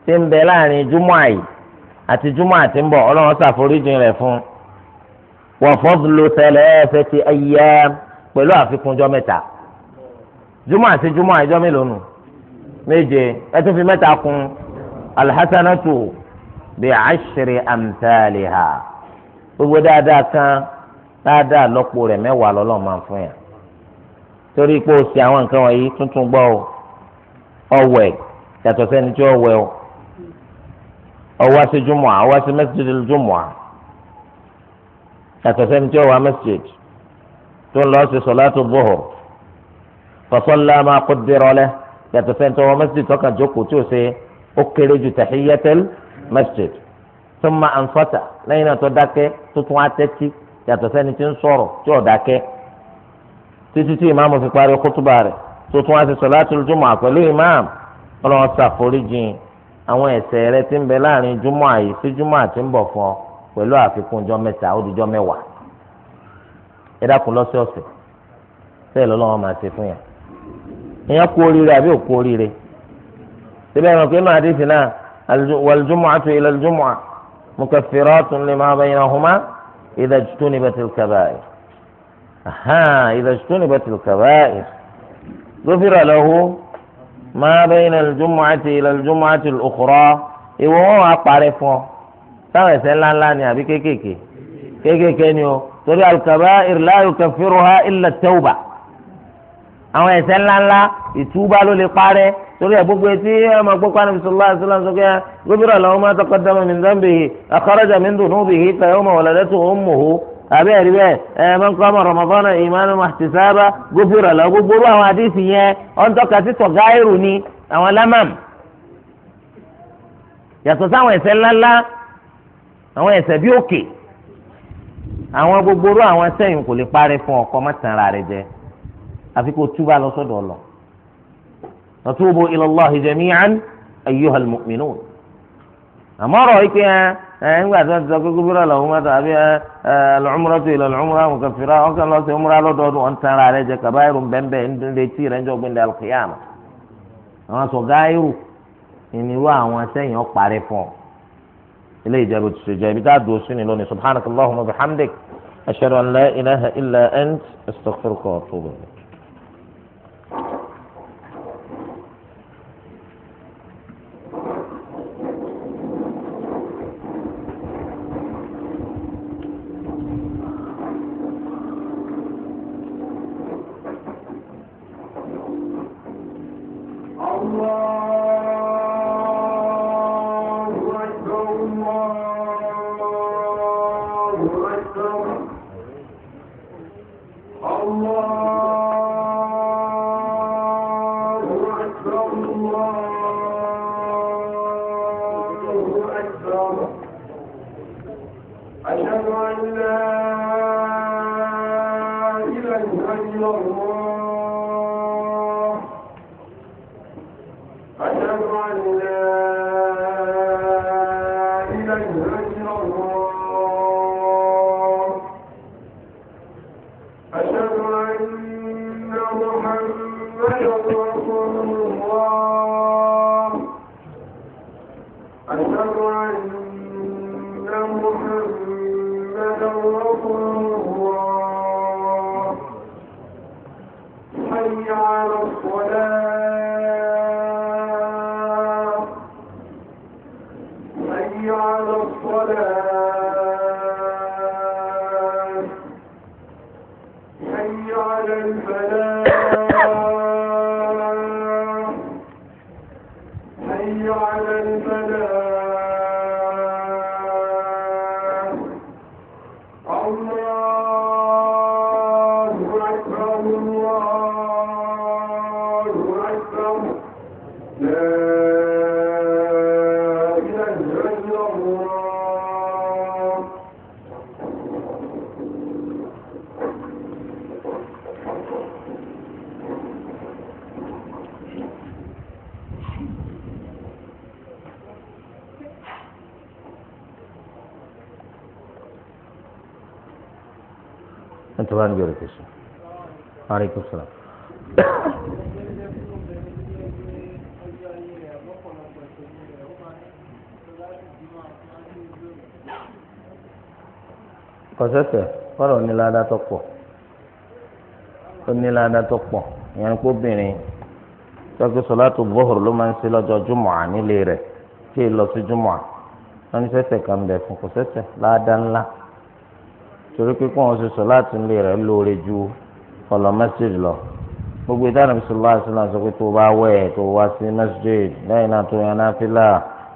ti ń bẹ láàrin júmọ́ àyí àti júmọ́ àti ń bọ̀ ọlọ́run ṣàforíjì rẹ̀ fún wa fadlu thalathati ayyam pẹ̀lú àfikúnjọ́ mẹ́ta jùmọ̀ àti jùmọ̀ àjọ mélòó nù méje ẹ tún fi mẹ́ta kún alhassanatu bi ashri amthaliha gbogbo dáadáa kan dáadáa lọ́pọ̀ rẹ̀ mẹ́wàá lọ́lọ́run máa fún yà torí pé o ṣe àwọn nǹkan wọ̀nyí tuntun gbọ́ o ọ̀wẹ̀ yàtọ̀ sẹ́ni tí ó wẹ̀ o ọwọ́ sí jùmọ̀ ọwọ́ sí masjidil jùmọ̀ yàtọ̀ sẹ́ni tí ó wà masjid tó ń lọ sí salatu dhuhur fasalla ma qaddara lahu yàtọ̀ sẹ́ńtọ́ wọn masjid tọ́ka jókòó tí o ṣe ó kéré ju tahiyyatul masjid thumma anfata lẹ́yìn náà tó dákẹ́ tó tún atẹ́tí yàtọ̀ sẹ́ni tí ń sọ̀rọ̀ tí ò dákẹ́ títí tí ìmáàmù fi parí kútùbà rẹ̀ tó tún wá sí salatul jumu'a pẹ̀lú ìmáàmù ọlọ́run ṣàforíjìn àwọn ẹ̀ṣẹ̀ rẹ tí ń bẹ láàrin júmọ́ àyè sí júmọ́ àti ń bọ̀ fún ọ pẹ̀lú àfikún ọjọ́ ó di ọjọ́ mẹ́wàá ẹ dákun lọ́sọ̀ọ̀sẹ̀ bẹ́ẹ̀ lọ́lọ́run máa fún yẹn ìyẹn kú oríire àbí òkú oríire síbẹ̀ ìrànkè máa dé sí náà wàlùjúmọ̀tò ìlàlùjúmọ̀ mùkàfìrọ́tún lè máa bẹ̀yìn ọ̀húnmá ìdàjútó ní bẹ́tìlì kàbáyé ìdàjútó ní bẹ́tìlì kàbáyé lófìrà lọ́hùn máa bẹ́yìn ìlàlùjúmọ̀tò ìlàlùjúmọ̀tò ìlùkùrọ̀ ìwọ wọn wà parẹ́ fún ọ táwọn ẹ̀ṣẹ̀ ńláńlá ni àbí kéékèèké kéékèèké ni o torí alùkàbáyé ìrìlá àwọn ẹ̀ṣẹ̀ ńláńlá ìtúbà ló lè parẹ́ torí ẹ gbogbo etí ọmọ gbogbo anabi sọlá ṣọlá ń sọkẹ́ gómìnà làwọn máa tọkọ dáná mi nǹkan bèyí àkọrọjà mi ń dùn ún bèyí kàyọ ọmọ ọ̀làdẹ́tò ó ń mọ̀ ó àbẹ́ ẹ̀rí bẹ́ẹ̀ ẹ máa ń kọ́ ọmọ rọmọbọ́nà ìmánu àtìsáábà gómìnà làwọn gbogbo orú àwọn àdìsí yẹn ọ̀n tọ́ka sí tọ̀gá ẹ̀rù ni àwọn lámàm yàtọ̀ sáwọn ẹ̀ṣẹ̀ ńláńlá àwọn ẹ̀ṣẹ̀ bí òkè àwọn gbogbo orú àwọn sẹ́yìn kò lè parẹ́ fún ọkọ mọ́tàn ara jẹ́ àfi kó túbà lọ sọ́dọ̀ ọlọ natubu ila Allahi jami'an ayyuhal mu'minun àmọ́ ọ̀rọ̀ yìí pé ẹ ńgbà tó ń sọ pé kúbúrọ̀ lọ́wọ́ mọ́tò àbí ẹ al-umratu ila al-umra mukaffira ọ̀kan lọ sí umra lọ́dọọdún ọ̀n tán ara rẹ jẹ kabairu bẹ́ẹ̀ ń retí rẹ ń jọ gbẹ́ndẹ̀ al-qiyama àwọn sọ̀gáìrù ìnirú àwọn bá ń bẹ̀rẹ̀ kẹsàn. aleykum salaam. kọ̀sẹ́sẹ̀ fọ́nà onílàdá tó pọ̀ onílàdá tó pọ̀ ìyẹn kó bìnrin tọ́kí sọ̀látù bọ́ọ̀rù ló máa ń ṣe lọ́jọ́ júmọ̀ nílé rẹ̀ tí ì lọ sí júmọ̀ à wọ́n ní sẹ́sẹ̀ kan bẹ̀ fún kọ̀sẹ́sẹ̀ láàdá ńlá torí pé kó wọn ṣe sọ láti ń lè rẹ lóore ju ọlọ mẹsíd lọ gbogbo ìdáná bí sọlá àti sọlá sọ pé tó bá wẹ̀ tó wá sí mẹsíd lẹ́yìn náà tó yan náfìlà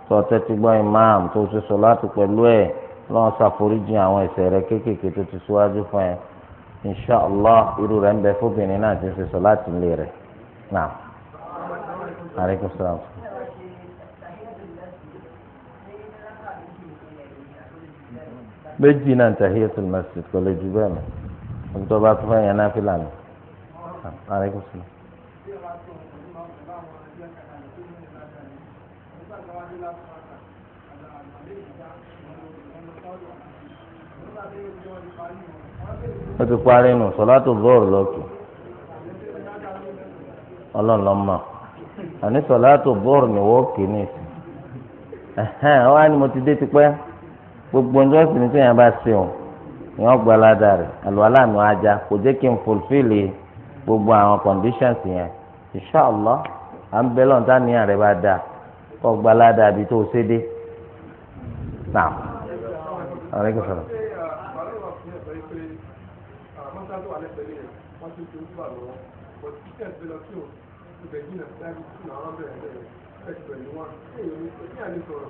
tó tẹ́tí gbọ́ imam tó ṣe sọ láti pẹ̀lú ẹ̀ lọ́wọ́ ṣàforíjì àwọn ẹ̀ṣẹ̀ rẹ̀ kéékèèké tó ti síwájú fún ẹ inṣàlá irú rẹ̀ ń bẹ fóbìnrin náà ti ṣe sọ láti ń lè rẹ náà àríkùsọ̀rọ̀. méjì náà ń tàhíyà tó College kò lè jù bẹ́ẹ̀ mọ́ ẹni tó bá tún fẹ́ yẹn náà fi lànà. Ah, ti parí nù àní ni wọ́ọ̀kì gbogbo ń dọ́sìn ní sẹ́yìn bá ṣe ọ̀ ni wọ́n gba aládà rẹ̀ àlùwalá mi ajá kò jẹ́ kí n fulfili gbogbo àwọn conditions yẹn inshallah à ń bẹ́ lọ́nà táníyàn rẹ̀ bá dáa kọ́ gba aládà àbí tó ṣe dé. Thank you.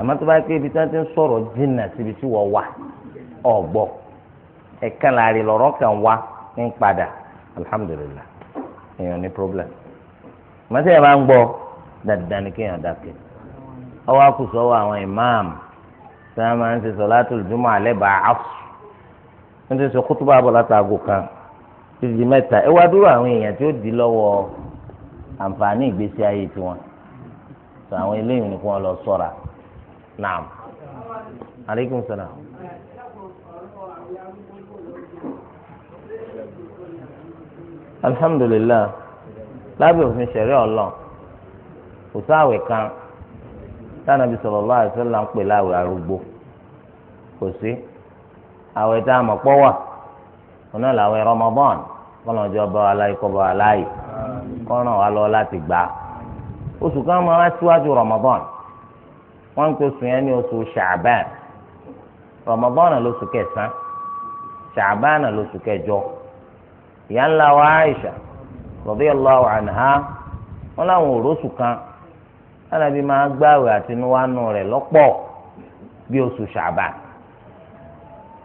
àmọ́ tó bá yẹ pé ibi tí wọ́n ti ń sọ̀rọ̀ jìnnà síbi tí wọ́n wà ọ̀gbọ́ ẹ̀kan láàrin lọ́rọ́ kan wá ń padà alhamdulillah èèyàn ní problem mọ́tẹ́ yẹn máa ń gbọ́ dandan ni kéèyàn dákẹ́ ọwọ́ àkùsọ̀ wọ àwọn ìmáàmù tí wọ́n máa ń ṣe sọ̀látul jumu'a alẹ́ bá àfù wọ́n ti sọ kútúbà bọ̀ látàgò kan títí di mẹ́ta ẹ wá dúró àwọn èèyàn tí ó di lọ́wọ́ àǹfààní ìgbésí ayé tiwọn tó àwọn eléyìí ni lọ sọ́ra naam aleykum salaam. alhamdulilayi lábẹ́ òfin ṣẹ̀rí ọlọ́run kò sáwẹ̀ kan tánàbí sallallahu alaihi wasallam ń pè láwẹ̀ arúgbó kò sí àwẹ̀ tá a mọ̀ pọ̀ wà òun náà làwẹ̀ Ramadan kọ́nàjọ́ bá wa láyé kọ́ bá wa láyé kọ́nà wa lọ láti gbà oṣù kan máa wá síwájú Ramadan. wọn ń pè oṣù yẹn ní oṣù ṣàbán rọmọbọ́nà lóṣù kẹsàn-án ṣàbánà lóṣù kẹjọ ìyá Aisha radiyallahu anha wọn láwọn òróṣù kan alábi máa gbààwẹ̀ àtinúwánu rẹ̀ lọ́pọ̀ bí oṣù ṣàbán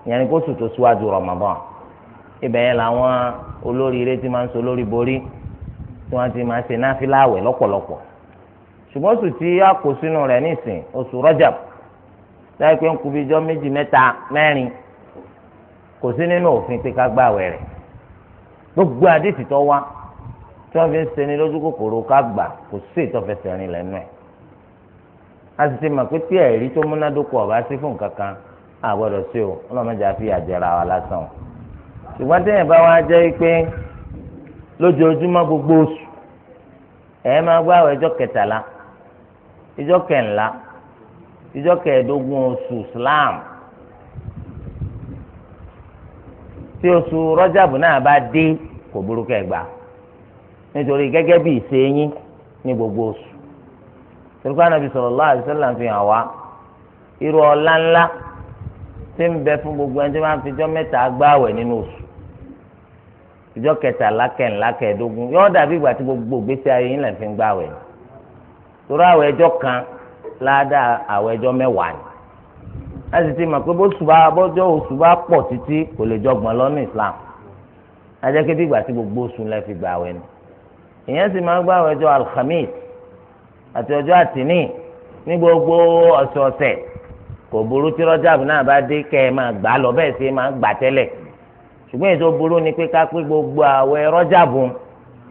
ìyẹn ni kó oṣù tó síwájú rọmọbọ́n ibẹ̀ yẹn làwọn olóríire ti máa ń borí tí wọ́n ti máa ṣùgbọ́n oṣù tí a kó sínú rẹ̀ nísìn oṣù Rajab táyé pé ń kú bíjọ́ méjì mẹ́ta mẹ́rin kò sí nínú òfin pé ká gbààwẹ̀ rẹ̀ gbogbo àdìsí tó wá tí wọ́n fi ń ṣeni lójú kòkòrò ká gbà kò sí ìtọ́fẹsẹ̀ rìn lẹ́nu ẹ̀ a sì ti mọ̀ pé tí ẹ̀rí tó múnádóko ọ̀bá sí fún kankan àgbọ̀dọ̀ sí o ọlọ́mọdé àfi àjẹrà wa lásán o ṣùgbọ́n téèyàn bá wá jẹ́ pé lójoojúmọ́ gbogbo oṣù ẹ̀ máa gbààwẹ̀ ọjọ́ kẹtàlá ìjọ kẹńlá ìjọ kẹẹ̀ẹ́dógún oṣù Islam tí oṣù rọ́jàbù náà bá dé kò burú kẹgbà nítorí gẹ́gẹ́ bí ìṣe yín ní gbogbo oṣù torí pé Ànábì sallallahu alaihi fi hàn wá irú ọlá ńlá tí ń bẹ fún gbogbo ẹni tí wọ́n fi jọ́ mẹ́ta gbáwẹ̀ nínú oṣù ìjọ kẹtàlá kẹńlá kẹẹ̀ẹ́dógún yóò dàbí ìgbà tí gbogbo ìgbésí ayé yín fi ń gbáwẹ̀ ni torí àwọn ẹjọ́ kan ládàá àwọn ẹjọ́ mẹ́wàá ni láti ti mọ̀ pé bọ́jọ́ oṣù bá pọ̀ títí kò lè jọgbọ̀n lọ́nà Islam ajẹ́kẹ́ bí ìgbà tí gbogbo oṣù lẹ́ fi gbà wẹ̀ ni èèyàn sì máa ń gbà àwọn ẹjọ́ alhamis àti ọjọ́ àtìní ní gbogbo ọ̀sọ̀ọ̀sẹ̀ kò burú tí rọ́jàb náà bá dé kẹ́ ẹ máa gbà lọ bẹ́ẹ̀ sì máa gbà tẹ́lẹ̀ ṣùgbọ́n èyí burú ni pé ká pé gbogbo àwẹ̀ rọ́jàbù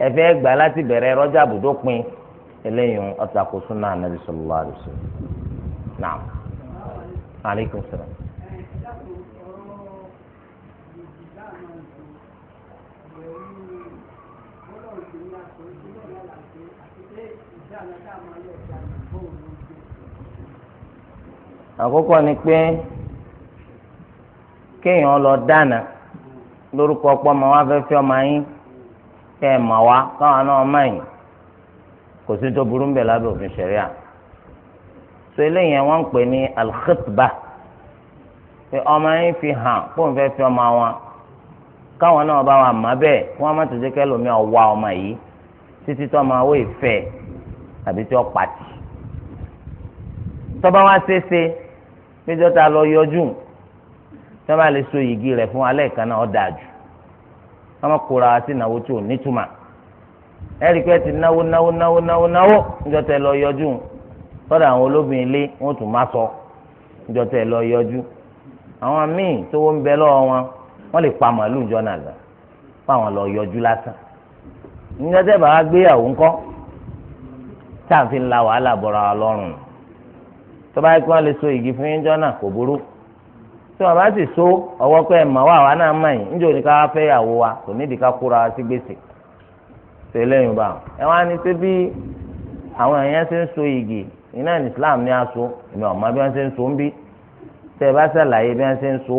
ẹ fẹ́ gbà láti bẹ̀rẹ̀ rọ́jàbù dópin eléyìí ọ̀tàkùn súnà ànábì sallallahu alaihi wasallam naam aleykum salaam. àkọ́kọ́ ni pé kéèyàn lọ dáná lórúkọ ọpọ́ ọmọ wa fẹ́ fi ọmọ yín kò sí tó burú ń bẹ lábẹ́ òfin ṣẹ̀ríà so eléyìí wọ́n ń pè ní alkhitba pé ọmọ yín fi hàn kó n fẹ́ fi ọmọ wọn káwọn náà bá wọn àmọ́ bẹ́ẹ̀ kí wọ́n má tètè kẹ́ lómi ọ̀wá ọmọ yìí títí tó ọmọ àwọn ìfẹ́ àbí tí pàtì tọ́ba wá ṣeéṣe péjọ ta lọ yọjú tọ́ba lè so yìgì rẹ̀ fún alẹ́ kan náà ó jù ọmọ kóra sí ìnáwó tí ò ẹ̀rí pé ti náwó náwó náwó náwó náwó níjọ́ tẹ lọ yọjú sọ́dọ̀ àwọn olóbìnrin ilé wọ́n tún má sọ níjọ́ tẹ lọ yọjú àwọn míì tówó ń bẹ lọ́wọ́ wọn wọ́n lè pa màálù níjọ́ náà lọ àwọn lọ yọjú lásán níjọ́ tẹ bàbá gbéyàwó ńkọ́ fi ń la wàhálà bọ̀ra wa lọ́rùn tó bá yẹ so igi fún yín na náà kò burú tí wọn bá sì so ọwọ́ ṣe lẹ́yìn bá ẹ wá ní pé bí àwọn èèyàn ṣe ń so igi iná ní Islam ní aṣọ ìmọ̀ ọ̀ma bí wọ́n ṣe ń so ń bí tẹ́ ẹ bá ṣàlàyé bí wọ́n ṣe ń so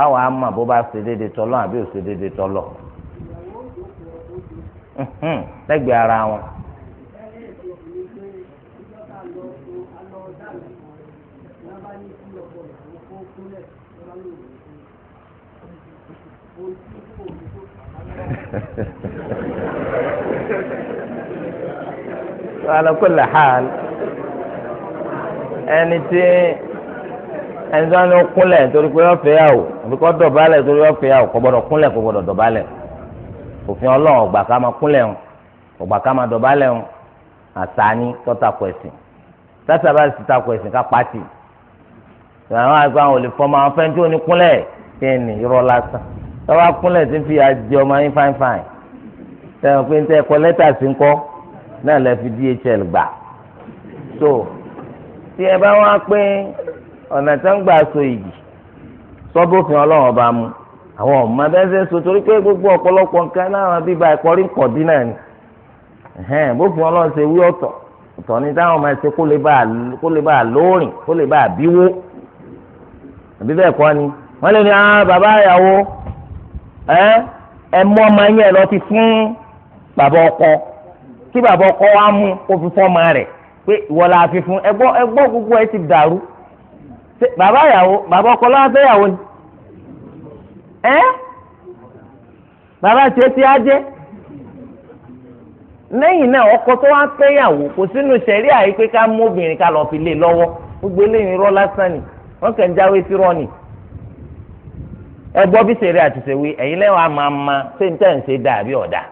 á wàá mọ̀ bó bá ṣe déédé tọ́lọ́ àbí ò ṣe déédé tọ́lọ́ lẹ́gbẹ̀ẹ́ ara wọn. *laughs* ala kulli hal ẹni tí ẹni tí wọn kúnlẹ̀ torí pé wọ́n fẹ́ yàwó àbí kọ́ dọ̀bálẹ̀ torí wọ́n fẹ́ yàwó kò gbọ́dọ̀ kúnlẹ̀ kò gbọ́dọ̀ dọ̀bálẹ̀ òfin ọlọ́run ọgbà ká máa kúnlẹ̀ ń ọgbà ká máa dọ̀bálẹ̀ ń àtàní tọ́takọ̀ ẹ̀sìn tátàbá sì takọ̀ ẹ̀sìn ká pàtì àwọn àgbà wọn ò lè fọ́ máa fẹ́ tí kíni irọ́ lásán tọ́wọ́ akúnlẹ̀ tí ń fi àjẹ ọmọ yín fáin fáin tẹ̀wọ̀n pé ń tẹ́ ẹ̀kọ́ lẹ́tà sí ń kọ́ náà lẹ́ fi DHL gbà so tí ẹ bá wá pé ọ̀nà tó ń gbà so ìyì sọ́bófin ọlọ́run ọba mu àwọn ọ̀ma bẹ́ẹ̀ ṣe so torí pé gbogbo ọ̀pọ̀lọpọ̀ nǹkan láwọn bíbá ẹ̀kọ́ rí kọ̀dí náà ni bófin ọlọ́run ṣe wí ọ̀tọ̀ ọ̀tọ̀ ni táwọn máa ṣe kó lè bá a lóorìn kó lè bá bíwó àbí bẹ́ẹ̀ kọ́ ni wọ́n lè ní ah bàbá ìyàwó ẹ ẹ mú ọmọ yín ẹ lọ ti fún bàbá ọkọ kí bàbá ọkọ wa mú kó fi fún ọmọ rẹ̀ pé ìwọ la fi fún ẹ gbọ́ ẹ gbọ́ gbogbo ẹ ti dàrú bàbá ìyàwó bàbá ọkọ lọ́wọ́ fẹ́ ìyàwó ni ẹ bàbá tiẹ̀ ti á jẹ́ lẹ́yìn náà ọkọ tó wá fẹ́yàwó kò sínú sẹ̀rí àyè ká mú obìnrin ká lọ́ọ́ fi lé lọ́wọ́ gbogbo eléyìí rọ́ lásán ni wọ́n kàn jáwé sí rọ́ ẹ gbọ́ bí sèré àti sèwé ẹ̀yin lẹ́wọ̀n àmọ́ àmọ́ ṣé n tẹ̀ ń ṣe dà bí ọ̀dà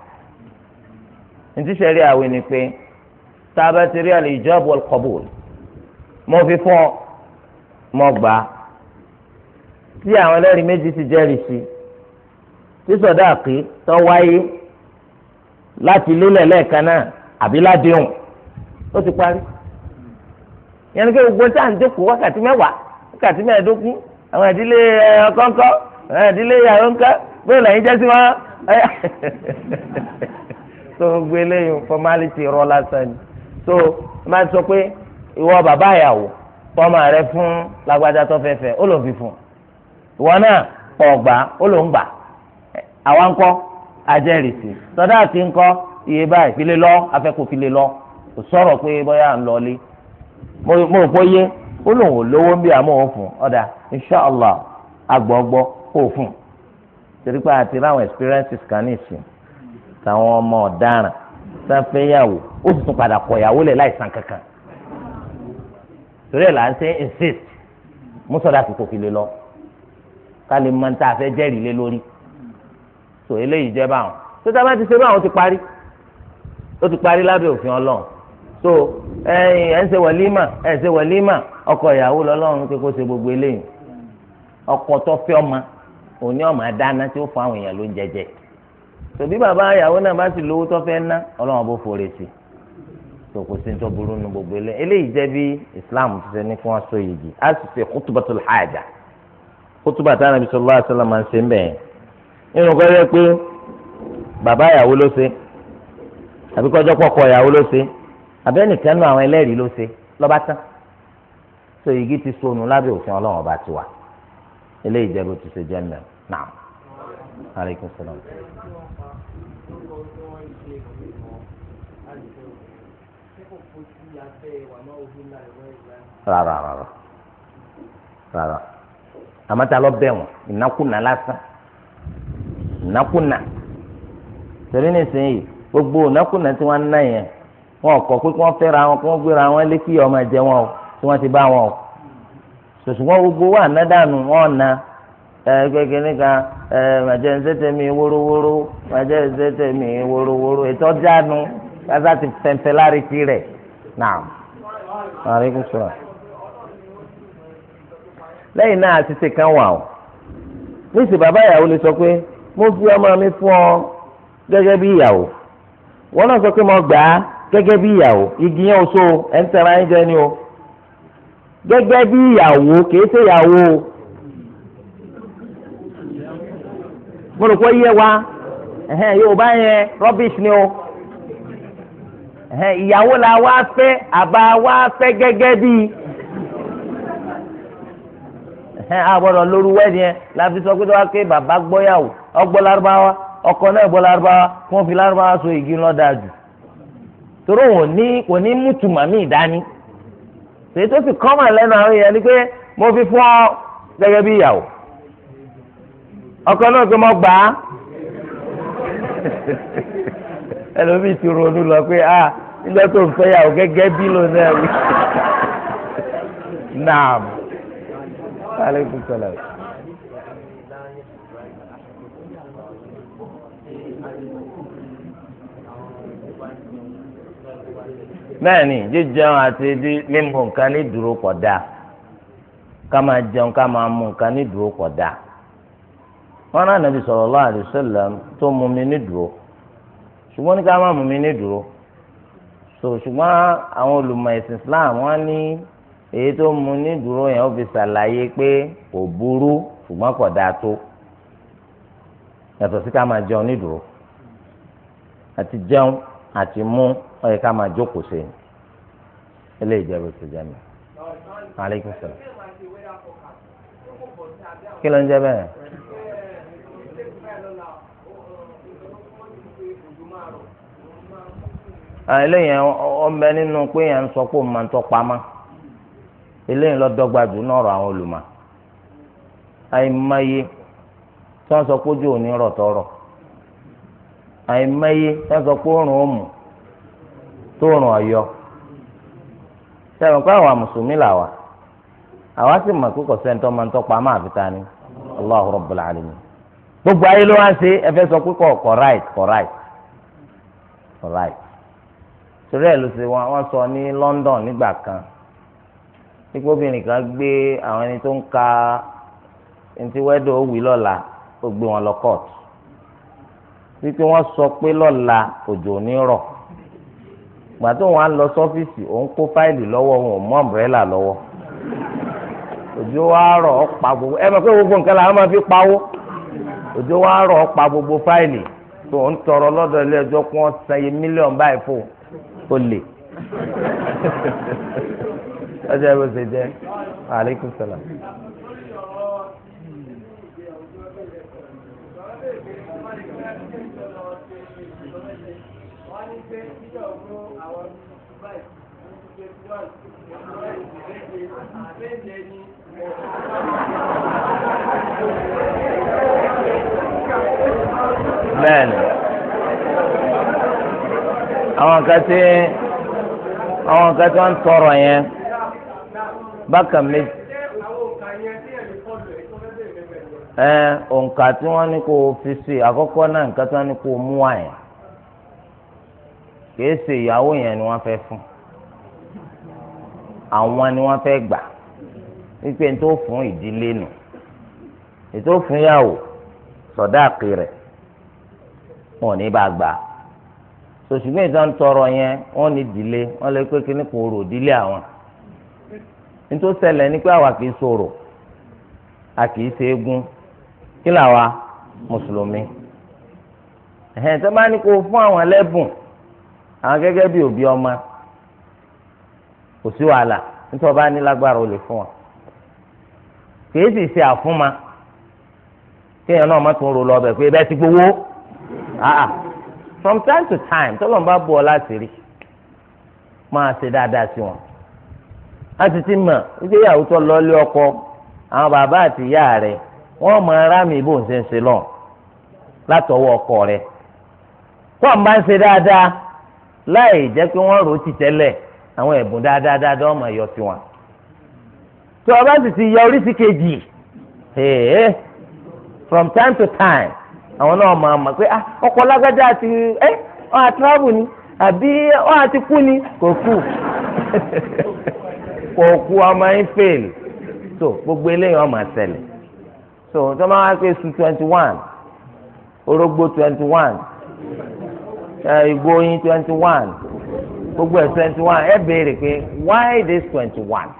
n ti sẹ́rí àwẹ̀ ni pé tá a bá ti rí àlè ìjọ àbọ̀ kọ́bùl mo fi fọ́ mo gbà á tí àwọn ẹlẹ́rìí méjì ti jẹ́rìí sí tí sọ̀dá àkè tó wáyé láti lélẹ̀ lẹ́ẹ̀kan náà àbí ládéhùn ó ti parí yẹn pé gbogbo sáà ń dẹ́kun wákàtí mẹ́wàá wákàtí mẹ́ẹ̀ẹ́dógún àwọn ìdílé ọ̀kọ́ńkọ́. ẹ̀ẹ́dílé ìyàwó ńká bẹ́ẹ̀ lẹ́yìn jẹ́ sí wọn. so gbogbo eléyìí formality rọ lásán ni so máa sọ pé ìwọ bàbá ìyàwó fọmọ rẹ fún lágbájá tó fẹ́ fẹ́ ó lòún fi fún ìwọ náà pọ̀ gbà ó lòún gbà àwa ńkọ́ àti iye báyìí lọ afẹ́kù file lọ kò pe pé bóyá ń lọlé mo rò pé yé ó ò lówó ń bí àmọ́ òun fún ọ̀dà inshàlá òfun torí pé àti ráwọn experiences kan ní ìsìn táwọn ọmọ ọ̀daràn sáfẹ́yàwó ó sì tún padà kọ̀yàwó lẹ̀ láì san kankan torí ẹ̀ là ń ṣe insist mùsọ̀dá kò fi lè lọ ká lè máa ń tá a fẹ́ jẹ́rìí lé lórí tó eléyìí jẹ́ báwọn tó tá a bá ti ṣe báwọn ti parí ó ti parí lábẹ́ òfin ọlọ́run so ẹyin ẹ ń ṣe wàlímà ẹ ń ṣe wàlímà ọkọ ìyàwó lọ́lọ́run pé kó ṣe gbogbo eléyìí ọkọ tó fẹ́ ọmọ òun ni ọmọ adáná tí ó fún àwọn èèyàn ló ń jẹjẹ tòbí bàbá ìyàwó náà bá sì lówó tó fẹ́ ná ọlọ́run bó forè sí tó kò sí tó burú nu gbogbo ilé eléyìí jẹ́ bí islam ti ṣe ní kí wọ́n so yìí a sì ṣe kútùbàtul hájà kútùbà tí Ànábì sallallahu alaihi wasallam máa ń ṣe ń bẹ̀ yẹn nínú kọ́ yẹ pé bàbá ìyàwó ló ṣe àbí kọjọ́ pọ̀kọ ìyàwó ló ṣe àbẹ́ nìkan nú àwọn ẹlẹ́rìí ló ṣe lọ́ba tán so yìí ti sọnù lábẹ́ òfin ọlọ́run ọba tiwa eléyìí jẹ́ bó ti ṣe jẹ́ mẹ́rin náà. aleykum salaam. rárá rárá rárá àmọ́tá lọ bẹ̀ wọ́n ìnákùnà lásán ìnákùnà torí nísìnyí gbogbo ìnákùnà tí wọ́n ń ná yẹn wọn kọ̀ pé kí wọ́n fẹ́ra wọn kí wọ́n gbéra wọn lékì ọmọ ẹ̀jẹ̀ wọn o tí wọ́n ti bá wọn o. sòṣùwọ́n gbogbo wà nádàánù wọn na gbẹgẹ níka màjẹ ń mi wórówóró màjẹ ń mi wórówóró ètò dànù kásá ti fẹ̀fẹ̀ lárí ti rẹ̀ náà àríkú sọ̀rọ̀. lẹ́yìn náà wà ó bàbá ìyàwó lè sọ pé mo fi ọmọ mi fún ọ gẹ́gẹ́ bí ìyàwó wọn náà sọ pé mo gbà á gẹ́gẹ́ bí ìyàwó igi yẹn o so ẹ̀ ń tẹ̀ra ẹ̀ gẹ́gẹ́ bí ìyàwó kìí ṣe ìyàwó mo rò pé yé wa yẹn rubbish ni o ìyàwó la wá fẹ́ àbá wá fẹ́ gẹ́gẹ́ bí àbọ̀dọ̀ lóru wẹ́ẹ̀dì la fi sọ pé bàbá gbọ́yàwó ọgbọ́ lárúbáwá ọkọ náà gbọ́ lárúbáwá fún lárúbáwá so igi jù torí òun èyí tó sì kọ́mọ̀ lẹ́nu àwọn èèyàn ni pé mo fi fún ọ gẹ́gẹ́ bí ìyàwó ọkọ náà pé mo gbà á *laughs* ẹlòmíì ti ronú lọ pé a ah, nígbà tó ń fẹ́ ìyàwó gẹ́gẹ́ bí ló náà rí *laughs* bẹ́ẹ̀ ni jíjẹun àti mímu nǹkan ní dúró pọ̀ dáa ká máa jẹun ká máa mu nǹkan ní dúró pọ̀ dáa wọn náà nàbì sallallahu alaihi wasallam tó mú mi ní dúró ṣùgbọ́n ní ká má mú mi ní dúró so ṣùgbọ́n àwọn olùmọ̀ ẹ̀sìn Islam wọ́n ní èyí tó mú ní dúró yẹn ó fi ṣàlàyé pé kò burú ṣùgbọ́n kò dáa tó yàtọ̀ sí ká máa jẹun ní dúró àti jẹun àti mú wọ́n yẹ ká máa jókòó sí eléyìí jẹ́ ti jẹ́ mi. aleykum salaam. kí ló ń jẹ́ bẹ́ẹ̀. eléyìí ọmọ nínú pé yẹn ń sọ pé òun máa ń tọ́ pamọ́ eléyìí lọ jù náà àwọn olùmọ̀ àìmọye tí wọ́n sọ pé ojú òní rọ̀ àìmọye tí wọ́n sọ pé tó rùn ọ̀yọ́ sẹ́wọ̀n pé àwa mùsùlùmí là wà àwa sì mọ̀ pé kò sẹ́ńtọ́ máa ń tọ́pa máa fi ta ni Allahu Rabbul Alamin gbogbo ayé ló wá ń ṣe ẹ fẹ́ sọ pé kọ̀ kọ̀ right kọ̀ right kọ̀ right torí ẹ̀ ló ṣe wọn wọ́n sọ ní London nígbà kan pípọ́ obìnrin kan gbé àwọn ẹni tó ń ka ntí wẹ́dọ̀ òwì lọ́la ó gbé wọn lọ kóòtù pípọ́ wọ́n sọ pé lọ́la òjò ní rọ̀ gbà tó wọn á lọ sọ́fíìsì òun kó fáìlì lọ́wọ́ òun ò mú ọ̀mbrẹ́là lọ́wọ́ òjò wa rọ̀ ọ́ pa gbogbo ẹ mọ̀ pé gbogbo nǹkan làwọn máa fi pawó òjò wa rọ̀ ọ́ pa gbogbo fáìlì tó ń tọrọ lọ́dọ̀ ilé ẹjọ́ kó wọ́n san iye mílíọ̀nù báyìí fún o lè ọjọ́ *laughs* ìwé ṣe jẹ́ aleykum salaam. bẹ́ẹ̀ ni àwọn kan tí àwọn kan tí wọ́n ń tọrọ yẹn bákan méjì ẹ òǹkà tí wọ́n ní kó fi sí àkọ́kọ́ náà nǹkan tí wọ́n ní kó o mú wá yẹn kìí ṣe ìyàwó yẹn ni wọ́n fẹ́ fún àwọn ni wọ́n fẹ́ gbà wípé n tó fún ìdílé nù ètò fún yàwó sọ̀dáàkì rẹ̀ wọn ò ní bá gbà sòṣùgbọ́n ìta ń tọrọ yẹn wọ́n ní ìdílé wọ́n lè pé kíní kò rò ìdílé àwọn nítorí ṣẹlẹ̀ ni pé àwa kìí sọ̀rọ̀ a kìí ṣe égún kí làwa mùsùlùmí ẹ̀hẹ́n tó bá ní fún àwọn ẹlẹ́bùn àwọn gẹ́gẹ́ bí òbí ọmọ kò sí ọba ní lágbára ó lè fún wọn kìí sì ṣe àfúnma náà má tún ro lọ pé bẹ́ẹ̀ ti gbowó. Ah, ah from time to time tọ́lọ́n bá bu ọ láti rí máa ṣe dáadáa sí wọn a ti ti mọ̀ wípé ìyàwó tó lọ lé ọkọ àwọn bàbá àti ìyá rẹ̀ wọ́n máa rámì ìbò ń ṣe ń ṣe lọ látọwọ́ ọkọ rẹ̀ tó ń bá ń ṣe dáadáa láì jẹ́ pé wọ́n rò ó ti tẹ́lẹ̀ àwọn ẹ̀bùn dáadáa dáadáa ọmọ ẹ̀yọ sí wọn tó o bá sì ti yọ oríṣi kejì from time to time àwọn náà máa mọ̀ pé ah ọkọ̀ lágbájá àti ẹ́ ọ́ àtúrábù ni àbí ọ́ àti kú ni kò kú *laughs* kò kú ọmọ yín fail so gbogbo eléyìí ọmọ àṣẹlẹ̀ so tó máa wá pé su twenty one orógbó twenty one eh, ìgò oyin twenty one gbogbo ẹ̀ twenty one ẹ béèrè pé why this twenty one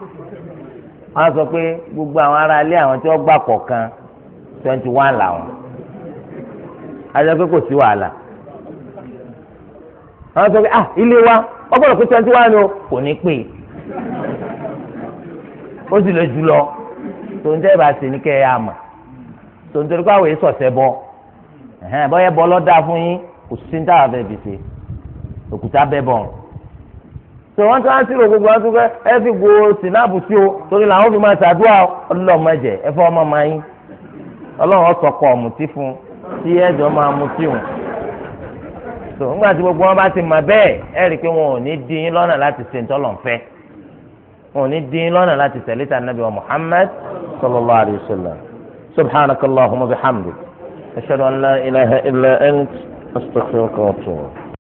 wọ́n sọ pé gbogbo àwọn ará ilé àwọn tí wọ́n gbà kọ̀ọ̀kan twenty one làwọn. Ajọkwe pé kò sí wàhálà sọ pé ah ilé wa ọgbọ́dọ̀ pé twenty one o kò ní pè ó sì lè jù lọ tòun ya bá ṣe ní kẹ́ ẹ á torí bọ bọ́yẹ bọ́ lọ́dà fún yín kò sí ní táwọn afẹ́ bìí ṣe òkúta bẹ́ bọ̀ tò wọ́n tún á sí o torí làwọn fi máa ṣàdúrà ẹ fọ́ ọmọ yín ọlọ́run ọ̀sọ̀kọ̀ tí ẹ̀jọ̀ máa mu tí wọn. tó ńgbà tí gbogbo wọn bá ti mà bẹ́ẹ̀ ẹ̀ rí i pé wọn ò ní dín in lọ́nà láti ṣe wọn ò Muhammad sallallahu alayhi wa sallam subhanakallahumma bihamdik ashhadu an la